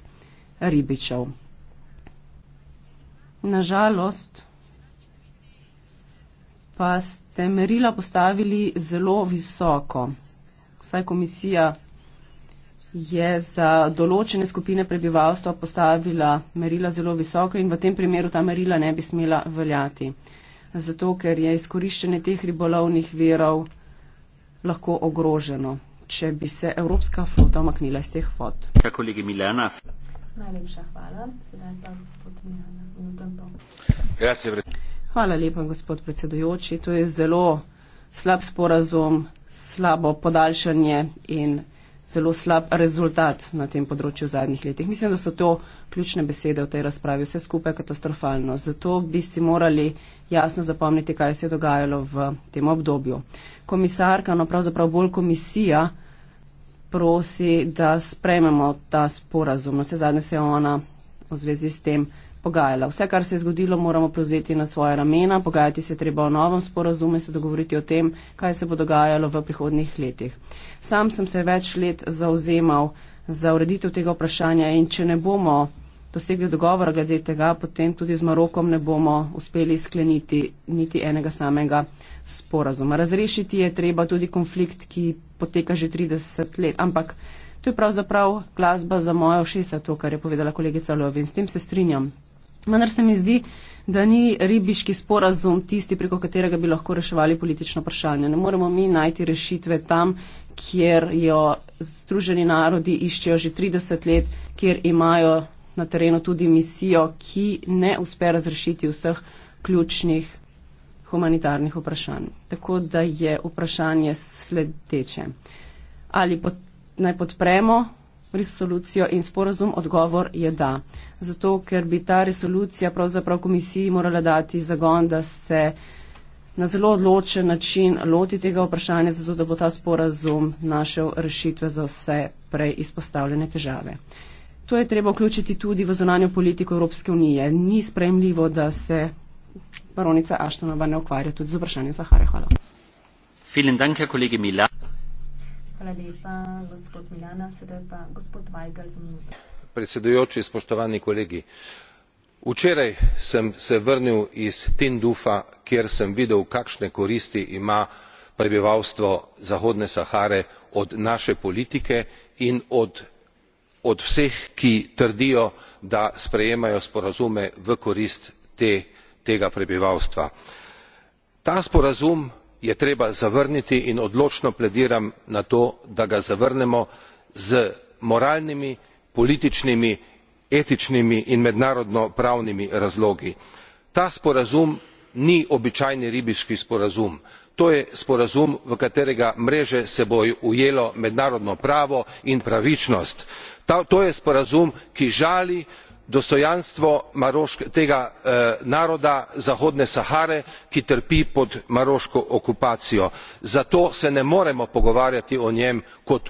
Speaker 4: ribičev. Nažalost pa ste merila postavili zelo visoko. Vsaj komisija je za določene skupine prebivalstva postavila merila zelo visoka in v tem primeru ta merila ne bi smela veljati. Zato, ker je izkoriščenje teh ribolovnih verov lahko ogroženo, če bi se Evropska flota omaknila iz teh
Speaker 2: vod. Ja, kolegi Milena.
Speaker 3: Najlepša hvala. Sedaj pa gospod Milena. Minuto in
Speaker 2: pol. Hvala
Speaker 4: lepa, gospod predsedujoči. To je zelo slab sporazum, slabo podaljšanje in zelo slab rezultat na tem področju v zadnjih letih. Mislim, da so to ključne besede v tej razpravi. Vse skupaj je katastrofalno. Zato bi si morali jasno zapomniti, kaj se je dogajalo v tem obdobju. Komisarka, no pravzaprav bolj komisija, prosi, da sprememo ta sporazum. Vse zadnje se je ona v zvezi s tem pogajala. Vse, kar se je zgodilo, moramo prevzeti na svoje ramena, pogajati se treba o novem sporazumu in se dogovoriti o tem, kaj se bo dogajalo v prihodnih letih. Sam sem se več let zauzemal za ureditev tega vprašanja in če ne bomo dosegli dogovora glede tega, potem tudi z Marokom ne bomo uspeli skleniti niti enega samega sporazuma. Razrešiti je treba tudi konflikt, ki poteka že 30 let, ampak to je pravzaprav glasba za moje ošesa, to, kar je povedala kolegica Lovin. S tem se strinjam. Vendar se mi zdi, da ni ribiški sporazum tisti, preko katerega bi lahko reševali politično vprašanje. Ne moremo mi najti rešitve tam, kjer jo Združeni narodi iščejo že 30 let, kjer imajo na terenu tudi misijo, ki ne uspe razrešiti vseh ključnih humanitarnih vprašanj. Tako da je vprašanje sledeče. Ali pod, naj podpremo resolucijo in sporazum? Odgovor je da zato ker bi ta resolucija pravzaprav komisiji morala dati zagon, da se na zelo odločen način loti tega vprašanja, zato da bo ta sporazum našel rešitve za vse prej izpostavljene težave. To je treba vključiti tudi v zonanjo politiko Evropske unije. Ni sprejemljivo, da se baronica Aštonova ne ukvarja tudi z vprašanjem Sahare. Hvala.
Speaker 5: Dank, kolegi Mila.
Speaker 3: Hvala lepa, gospod Milana, sedaj pa gospod Vajgal za minuto
Speaker 5: predsedujoči spoštovani kolegi včeraj sem se vrnil iz tindufa kjer sem videl kakšne koristi ima prebivalstvo zahodne sahare od naše politike in od vseh ki trdijo da sprejemajo sporazume v korist tega prebivalstva. ta sporazum je treba zavrniti in odločno plediram na to da ga zavrnemo z moralnimi političnimi etičnimi in mednarodno pravnimi razlogi. ta sporazum ni običajni ribiški sporazum to je sporazum v katerega mreže se bo ujelo mednarodno pravo in pravičnost. to je sporazum ki žali dostojanstvo tega eh, naroda zahodne sahare ki trpi pod maroško okupacijo. zato se ne moremo pogovarjati o njem kot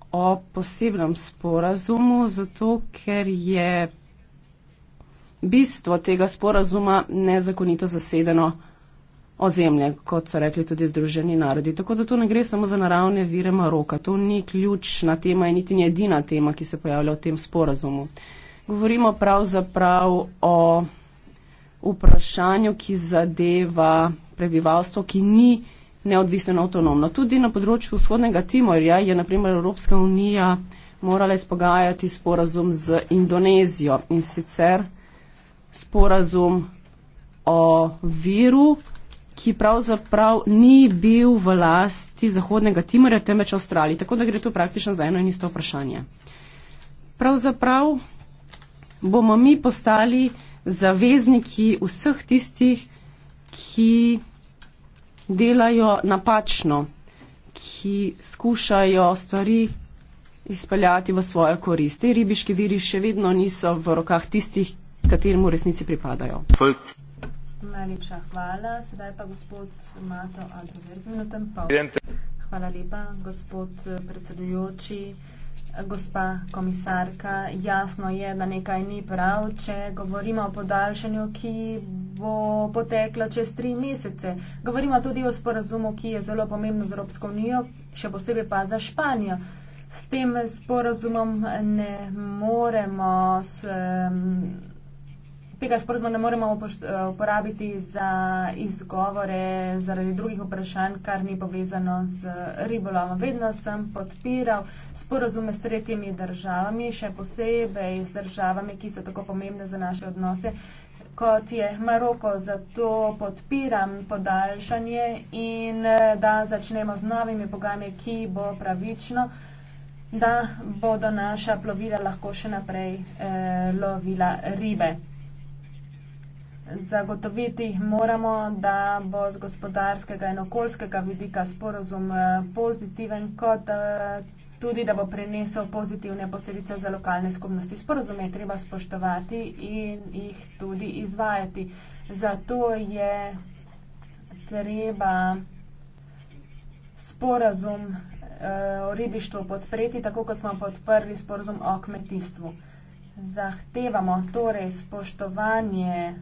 Speaker 4: o posebnem sporazumu, zato ker je bistvo tega sporazuma nezakonito zasedeno ozemlje, kot so rekli tudi Združeni narodi. Tako da to ne gre samo za naravne vire Maroka. To ni ključna tema in niti ni edina tema, ki se pojavlja v tem sporazumu. Govorimo pravzaprav o vprašanju, ki zadeva prebivalstvo, ki ni neodvisno in avtonomno. Tudi na področju vzhodnega Timorja je naprimer Evropska unija morala izpogajati sporazum z Indonezijo in sicer sporazum o viru, ki pravzaprav ni bil v lasti Zahodnega Timorja, temveč Avstraliji. Tako da gre to praktično za eno in isto vprašanje. Pravzaprav bomo mi postali zavezniki vseh tistih, ki delajo napačno, ki skušajo stvari izpeljati v svojo koriste. Ribiški viri še vedno niso v rokah tistih, katerim v resnici pripadajo. Folk.
Speaker 3: Najlepša hvala. Sedaj pa gospod Mato Adrover z minutem pa. Hvala lepa, gospod predsedujoči. Gospa komisarka, jasno je, da nekaj ni prav, če govorimo o podaljšanju, ki bo poteklo čez tri mesece. Govorimo tudi o sporazumu, ki je zelo pomembno za Evropsko unijo, še posebej pa za Španijo. S tem sporazumom ne moremo. S, um, tega sporozuma ne moremo eh, uporabiti za izgovore zaradi drugih vprašanj, kar ni povezano z ribolom. Vedno sem podpiral sporozume s tretjimi državami, še posebej z državami, ki so tako pomembne za naše odnose kot je Maroko. Zato podpiram podaljšanje in eh, da začnemo z novimi pogajanji, ki bo pravično, da bodo naša plovila lahko še naprej eh, lovila ribe. Zagotoviti moramo, da bo z gospodarskega in okoljskega vidika sporozum eh, pozitiven, kot eh, tudi, da bo prenesel pozitivne posledice za lokalne skupnosti. Sporozume je treba spoštovati in jih tudi izvajati. Zato je treba sporozum eh, o ribištvu podpreti, tako kot smo podprli sporozum o kmetijstvu. Zahtevamo torej spoštovanje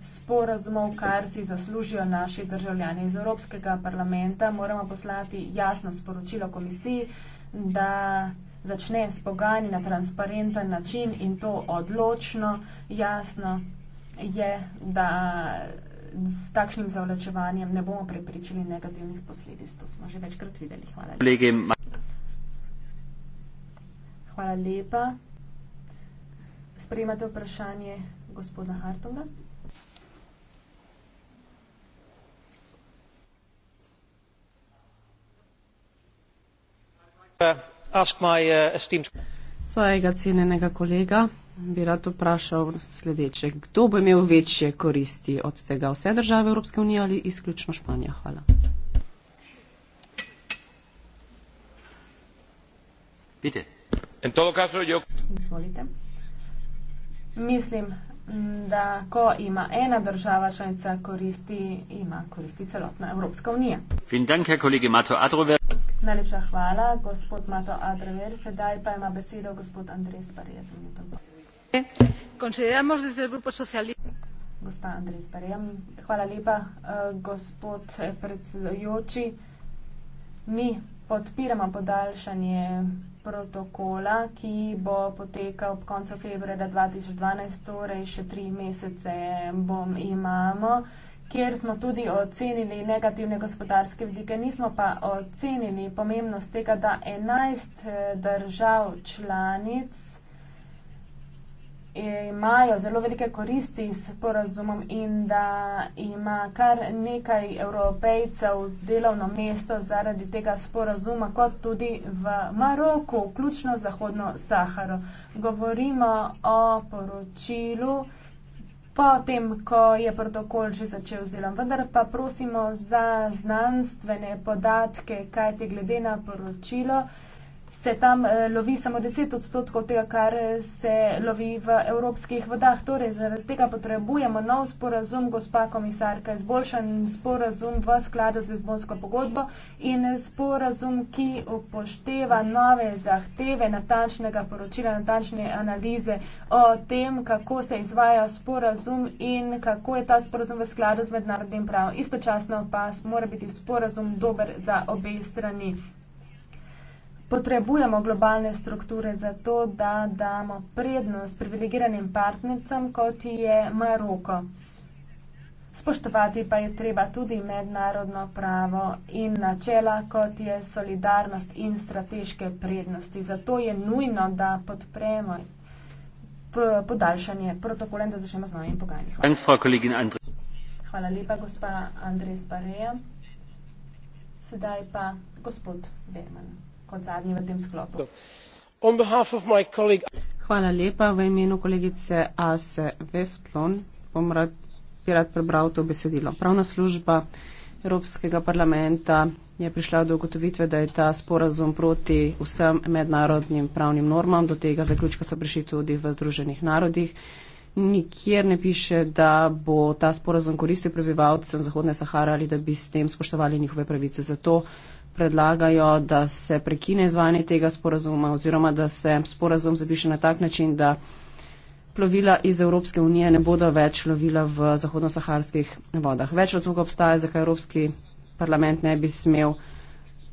Speaker 3: sporozumov, kar si zaslužijo naši državljani. Iz Evropskega parlamenta moramo poslati jasno sporočilo komisiji, da začne s pogajanji na transparenten način in to odločno, jasno je, da s takšnim zavlačevanjem ne bomo prepričali negativnih posledic. To smo že večkrat videli. Hvala
Speaker 2: lepa.
Speaker 3: Hvala lepa. Sprejemate vprašanje gospoda Hartunga?
Speaker 1: Uh, uh,
Speaker 4: Svojega cenjenega kolega bi rad vprašal sledeče. Kdo bo imel večje koristi od tega? Vse države Evropske unije ali izključno Španija? Hvala.
Speaker 2: Izvolite.
Speaker 3: Mislim, da ko ima ena država članica koristi, ima koristi celotna Evropska unija.
Speaker 2: Hvala, kolega Mato Adrove.
Speaker 3: Najlepša hvala, gospod Mato Adrever. Sedaj pa ima besedo gospod Andres Barija za minuto. Gospa Andres Barija, hvala lepa, eh, gospod predsedujoči. Mi podpiramo podaljšanje protokola, ki bo potekal ob koncu februarja 2012, torej še tri mesece bom imamo kjer smo tudi ocenili negativne gospodarske vidike. Nismo pa ocenili pomembnost tega, da 11 eh, držav članic eh, imajo zelo velike koristi s porazumom in da ima kar nekaj evropejcev delovno mesto zaradi tega sporazuma, kot tudi v Maroku, vključno Zahodno Saharo. Govorimo o poročilu potem, ko je protokol že začel z delom. Vendar pa prosimo za znanstvene podatke, kajti glede na poročilo se tam eh, lovi samo 10 odstotkov tega, kar eh, se lovi v evropskih vodah. Torej, zaradi tega potrebujemo nov sporazum, gospa komisarka, izboljšan sporazum v skladu z Lizbonsko pogodbo in sporazum, ki upošteva nove zahteve natančnega poročila, natančne analize o tem, kako se izvaja sporazum in kako je ta sporazum v skladu z mednarodnim pravom. Istočasno pa mora biti sporazum dober za obe strani potrebujemo globalne strukture za to, da damo prednost privilegiranim partnercem, kot je Maroko. Spoštovati pa je treba tudi mednarodno pravo in načela, kot je solidarnost in strateške prednosti. Zato je nujno, da podpremo podaljšanje protokola in da začnemo z novim pogajanjem.
Speaker 2: Hvala.
Speaker 3: Hvala lepa, gospa Andres Bareja. Sedaj pa gospod Berman kot
Speaker 4: zadnji v tem sklopu. Hvala lepa v imenu kolegice Ase Veftlon. Bom rad, rad prebral to besedilo. Pravna služba Evropskega parlamenta je prišla do ugotovitve, da je ta sporazum proti vsem mednarodnim pravnim normam. Do tega zaključka so prišli tudi v Združenih narodih. Nikjer ne piše, da bo ta sporazum koristil prebivalcem Zahodne Sahare ali da bi s tem spoštovali njihove pravice. Zato predlagajo, da se prekine izvajanje tega sporazuma oziroma da se sporazum zapiše na tak način, da plovila iz Evropske unije ne bodo več lovila v zahodno-saharskih vodah. Več razlogov obstaja, zakaj Evropski parlament ne bi smel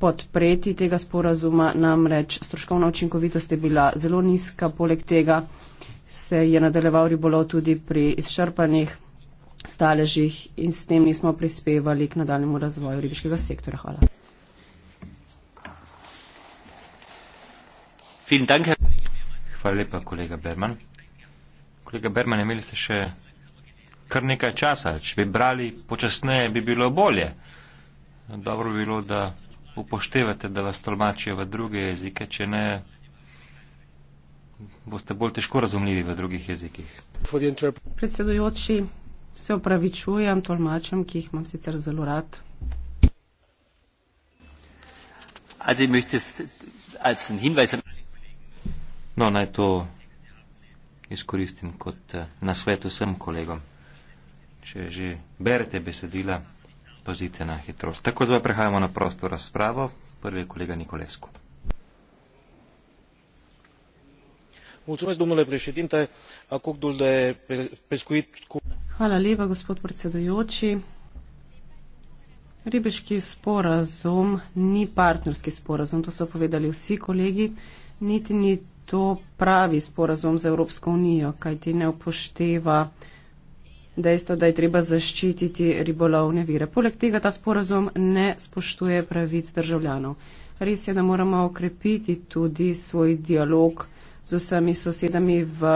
Speaker 4: podpreti tega sporazuma, namreč stroškovna učinkovitost je bila zelo nizka, poleg tega se je nadaljeval ribolov tudi pri izčrpanih staležih in s tem nismo prispevali k nadaljemu razvoju ribiškega sektora. Hvala.
Speaker 1: Hvala lepa, kolega Berman. Kolega Berman, imeli ste še kar nekaj časa. Če bi brali počasneje, bi bilo bolje. Dobro bi bilo, da upoštevate, da vas tolmačijo v druge jezike, če ne, boste bolj težko razumljivi v drugih jezikih.
Speaker 4: Predsedujoči, se opravičujem tolmačem, ki jih imam sicer
Speaker 2: zelo rad. Also ich möchte als einen Hinweis an
Speaker 1: No, naj to izkoristim kot eh, na svet vsem kolegom. Če že berete besedila, pazite na hitrost. Tako zdaj prehajamo na prosto razpravo. Prvi je kolega Nikolesko. Mulțumesc, domnule președinte, acordul de pescuit cu...
Speaker 4: Hvala lepa, gospod predsedujoči. Ribiški sporazum ni partnerski sporazum, to so povedali vsi kolegi, niti ni to pravi sporazum z Evropsko unijo, kaj ti ne upošteva dejstva, da je treba zaščititi ribolovne vire. Poleg tega ta sporazum ne spoštuje pravic državljanov. Res je, da moramo okrepiti tudi svoj dialog z vsemi sosedami v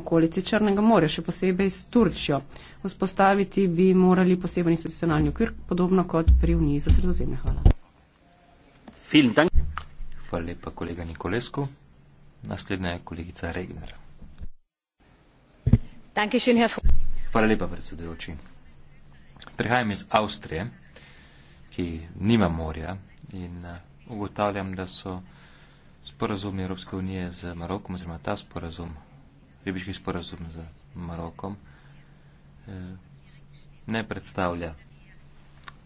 Speaker 4: okolici Črnega morja, še posebej s Turčjo. Vzpostaviti bi morali poseben institucionalni okvir, podobno kot pri Uniji za sredozemlje. Hvala.
Speaker 2: Film, Hvala
Speaker 1: lepa, kolega Nikolesku. Naslednja je kolegica Regner. Hvala lepa, predsedujoči. Prihajam iz Avstrije, ki nima morja in eh, ugotavljam, da so sporazumi Evropske unije z Marokom, oziroma ta sporazum, ribiški sporazum z Marokom, eh, ne predstavlja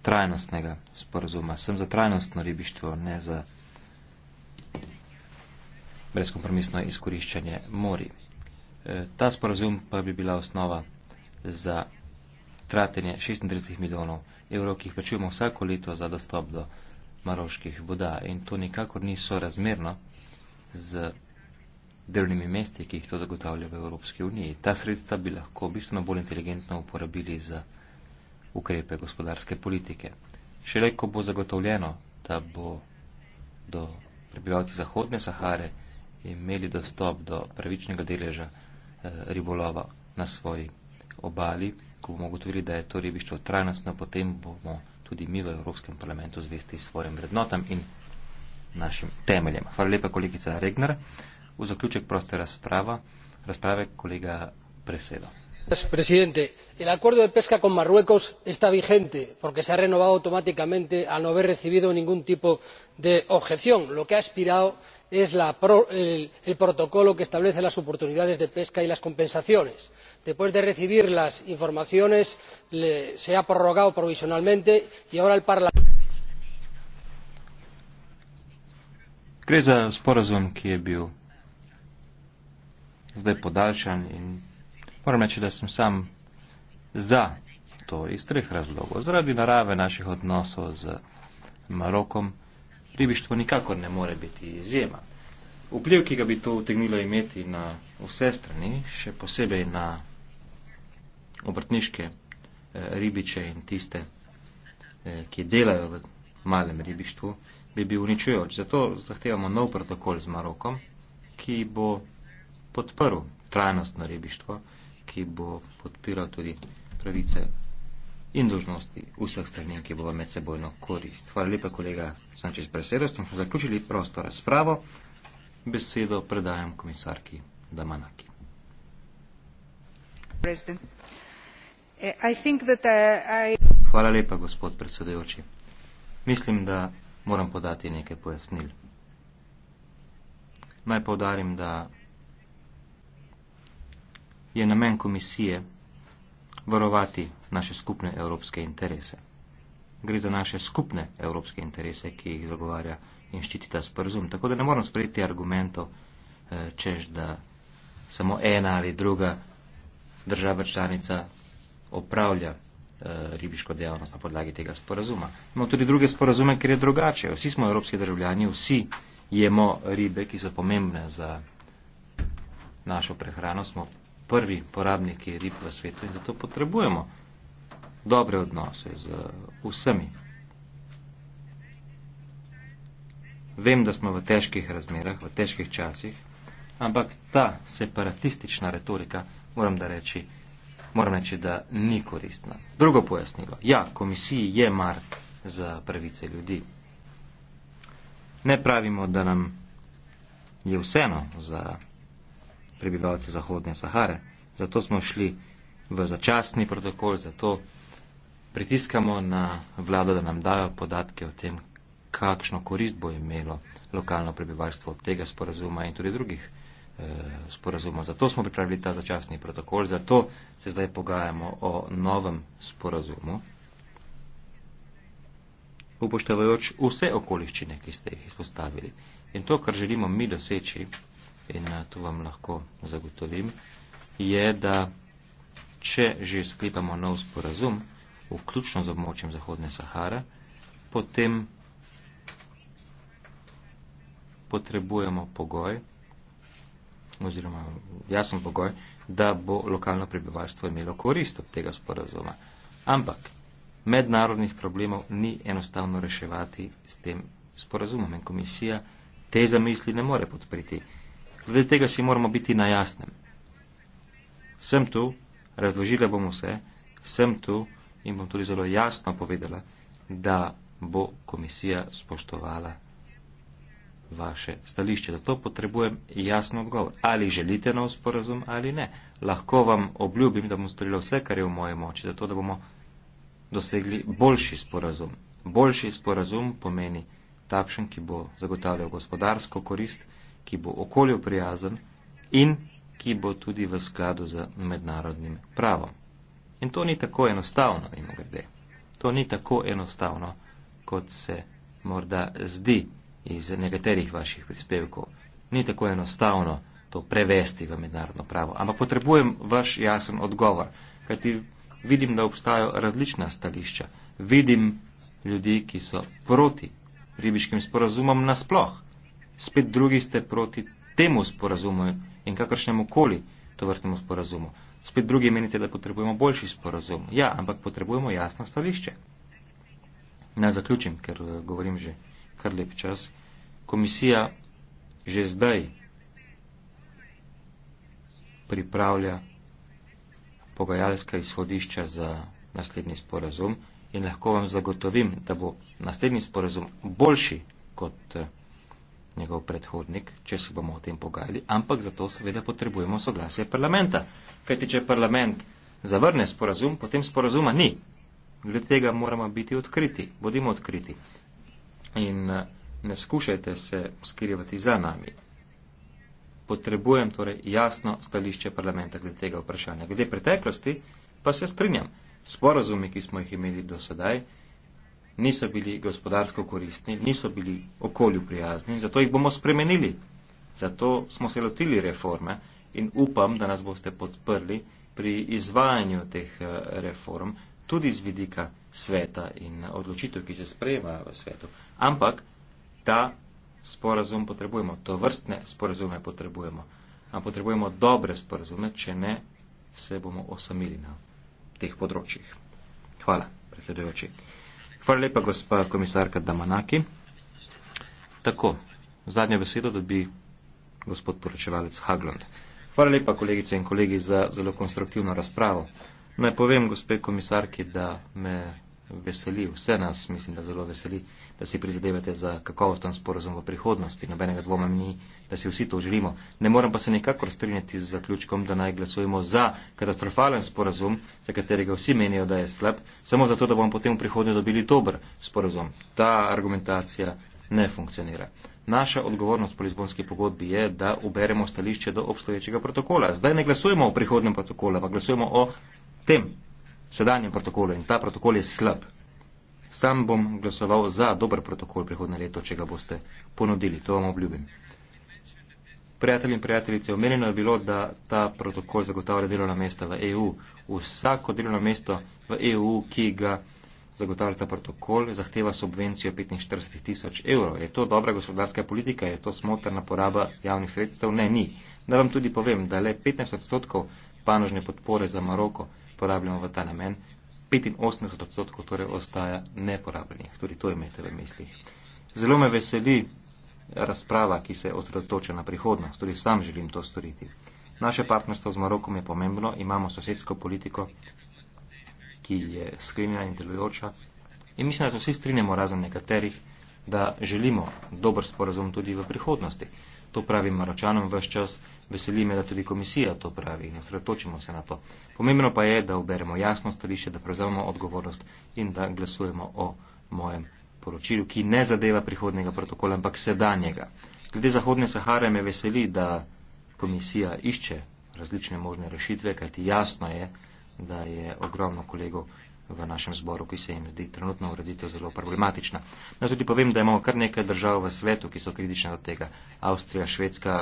Speaker 1: trajnostnega sporazuma. Sem za trajnostno ribištvo, ne za brezkompromisno izkoriščanje mori. E, ta sporazum pa bi bila osnova za tratenje 36 milijonov evrov, ki jih plačujemo vsako leto za dostop do maroških voda. In to nikakor ni sorazmerno z delovnimi mesti, ki jih to zagotavlja v Evropski uniji. Ta sredstva bi lahko bistveno bolj inteligentno uporabili za ukrepe gospodarske politike. Šele ko bo zagotovljeno, da bo do prebivalcev Zahodne Sahare imeli dostop do pravičnega deleža eh, ribolova na svoji obali, ko bomo ugotovili, da je to ribištvo trajnostno, potem bomo tudi mi v Evropskem parlamentu zvesti svojim vrednotam in našim temeljem. Hvala lepa, kolegica Regner. V zaključek proste razprava, razprave kolega
Speaker 2: Presedo señor presidente el acuerdo de pesca con marruecos está vigente porque se ha renovado automáticamente al no haber recibido ningún tipo de objeción lo que ha expirado es el protocolo que establece las oportunidades de pesca y las compensaciones. después de recibir las informaciones se ha prorrogado provisionalmente y ahora el parlamento.
Speaker 5: gre
Speaker 1: za sporazum ki je bil zdaj podaljšan in Moram reči, da sem sam za to iz treh razlogov. Zaradi narave naših odnosov z Marokom, ribištvo nikakor ne more biti izjema. Vpliv, ki ga bi to utegnilo imeti na vse strani, še posebej na obrtniške eh, ribiče in tiste, eh, ki delajo v malem ribištvu, bi bil uničujoč. Zato zahtevamo nov protokol z Marokom, ki bo podprl trajnostno ribištvo ki bo podpiral tudi pravice in dožnosti vseh strani, ki bo med sebojno korist. Hvala lepa, kolega Sančeš Presedost. Smo zaključili prosto razpravo. Besedo predajam komisarki Damanaki.
Speaker 2: Eh, I think that, uh, I...
Speaker 1: Hvala lepa, gospod predsedujoči. Mislim, da moram podati nekaj pojasnil. Naj povdarim, da je namen komisije varovati naše skupne evropske interese. Gre za naše skupne evropske interese, ki jih zagovarja in ščiti ta sporozum. Tako da ne moram sprejeti argumentov, eh, čež da samo ena ali druga država članica opravlja eh, ribiško dejavnost na podlagi tega sporozuma. Imamo tudi druge sporozume, ker je drugače. Vsi smo evropski državljani, vsi jemo ribe, ki so pomembne za našo prehrano, smo prvi porabniki rib v svetu in zato potrebujemo dobre odnose z uh, vsemi. Vem, da smo v težkih razmerah, v težkih časih, ampak ta separatistična retorika, moram da reči, moram reči, da ni koristna. Drugo pojasnilo. Ja, komisiji je mar za pravice ljudi. Ne pravimo, da nam je vseeno za prebivalce Zahodne Sahare. Zato smo šli v začasni protokol, zato pritiskamo na vlado, da nam dajo podatke o tem, kakšno korist bo imelo lokalno prebivalstvo od tega sporazuma in tudi drugih eh, sporazumov. Zato smo pripravili ta začasni protokol, zato se zdaj pogajamo o novem sporazumu, upoštevajoč vse okoliščine, ki ste jih izpostavili. In to, kar želimo mi doseči, in eh, to vam lahko zagotovim, je, da če že sklepamo nov sporazum, vključno z območjem Zahodne Sahare, potem potrebujemo pogoj, oziroma jasen pogoj, da bo lokalno prebivalstvo imelo korist od tega sporazuma. Ampak mednarodnih problemov ni enostavno reševati s tem sporazumom in komisija te zamisli ne more podpriti. Glede tega si moramo biti na jasnem. Sem tu, razložila bom vse, sem tu in bom tudi zelo jasno povedala, da bo komisija spoštovala vaše stališče. Zato potrebujem jasno odgovor. Ali želite nov sporazum ali ne. Lahko vam obljubim, da bom storila vse, kar je v moje moči, zato da bomo dosegli boljši sporazum. Boljši sporazum pomeni takšen, ki bo zagotavljal gospodarsko korist ki bo okolju prijazen in ki bo tudi v skladu z mednarodnim pravom. In to ni tako enostavno, mimo grede. To ni tako enostavno, kot se morda zdi iz nekaterih vaših prispevkov. Ni tako enostavno to prevesti v mednarodno pravo. Ampak potrebujem vaš jasen odgovor, kajti vidim, da obstajajo različna stališča. Vidim ljudi, ki so proti ribiškim sporazumom nasplošno spet drugi ste proti temu sporazumu in kakršnemu koli to vrstnemu sporazumu. Spet drugi menite, da potrebujemo boljši sporazum. Ja, ampak potrebujemo jasno stališče. Naj zaključim, ker eh, govorim že kar lep čas. Komisija že zdaj pripravlja pogajalska izhodišča za naslednji sporazum in lahko vam zagotovim, da bo naslednji sporazum boljši kot. Uh, njegov predhodnik, če se bomo o tem pogajali, ampak zato seveda potrebujemo soglasje parlamenta. Kajti, če parlament zavrne sporazum, potem sporazuma ni. Glede tega moramo biti odkriti, bodimo odkriti. In eh, ne skušajte se skrivati za nami. Potrebujem torej jasno stališče parlamenta glede tega vprašanja. Glede preteklosti pa se strinjam. Sporazumi, ki smo jih imeli do sedaj, niso bili gospodarsko koristni, niso bili okolju prijazni, zato jih bomo spremenili. Zato smo se lotili reforme in upam, da nas boste podprli pri izvajanju teh eh, reform, tudi z vidika sveta in odločitev, ki se sprejema v svetu. Ampak ta sporazum potrebujemo, to vrstne sporazume potrebujemo. Ampak potrebujemo dobre sporazume, če ne se bomo osamili na teh področjih. Hvala, predsedujoči. Hvala lepa, gospa komisarka Damanaki. Tako, zadnjo besedo dobi gospod poročevalec Haglund. Hvala lepa, kolegice in kolegi, za zelo konstruktivno razpravo. Naj povem, gospe komisarki, da me veseli, vse nas mislim, da zelo veseli, da si prizadevate za kakovosten sporozum v prihodnosti. Nobenega dvoma ni, da si vsi to želimo. Ne morem pa se nikakor strinjati z zaključkom, da naj glasujemo za katastrofalen sporozum, za katerega vsi menijo, da je slab, samo zato, da bomo potem v prihodnje dobili dober sporozum. Ta argumentacija ne funkcionira. Naša odgovornost po Lizbonski pogodbi je, da uberemo stališče do obstoječega protokola. Zdaj ne glasujemo o prihodnem protokolu, ampak glasujemo o tem sedanjem protokolu in ta protokol je slab. Sam bom glasoval za dober protokol prihodne leto, če ga boste ponudili, to vam obljubim. Prijatelji in prijateljice, omenjeno je bilo, da ta protokol zagotavlja delovna mesta v EU. Vsako delovno mesto v EU, ki ga zagotavlja ta protokol, zahteva subvencijo 45 tisoč evrov. Je to dobra gospodarska politika? Je to smotrna poraba javnih sredstev? Ne, ni. Da vam tudi povem, da le 15 odstotkov panožne podpore za Maroko porabljamo v ta namen, 85 odstotkov torej ostaja neporabljenih. Tudi to imete v mislih. Zelo me veseli razprava, ki se osredotoča na prihodnost. Tudi sam želim to storiti. Naše partnerstvo z Marokom je pomembno, imamo sosedsko politiko, ki je sklenjena in delujoča. In mislim, da se vsi strinjamo, razen nekaterih, da želimo dober sporazum tudi v prihodnosti. To pravim Maročanom vse čas, Veseli me, da tudi komisija to pravi in osredotočimo se na to. Pomembno pa je, da uberemo jasno stališče, da prevzamemo odgovornost in da glasujemo o mojem poročilu, ki ne zadeva prihodnega protokola, ampak sedanjega. Glede Zahodne Sahare me veseli, da komisija išče različne možne rešitve, kajti jasno je, da je ogromno kolegov v našem zboru, ki se jim zdi trenutno ureditev zelo problematična. Naj no, tudi povem, da imamo kar nekaj držav v svetu, ki so kritične do tega. Avstrija, Švedska,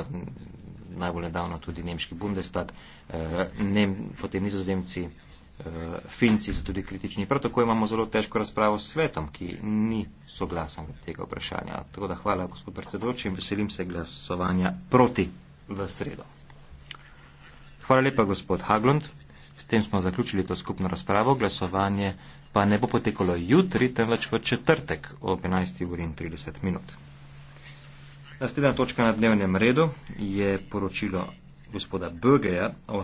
Speaker 1: najbolj nedavno tudi nemški Bundestag, eh, nem, potem nizozemci, eh, finci so tudi kritični. Prav tako imamo zelo težko razpravo s svetom, ki ni soglasen v tega vprašanja. Tako da hvala, gospod predsedoči, in veselim se glasovanja proti v sredo. Hvala lepa, gospod Haglund. S tem smo zaključili to skupno razpravo. Glasovanje pa ne bo potekalo jutri, temveč v četrtek ob 11.30 minut. Naslednja točka na dnevnem redu je poročilo gospoda Bögeja o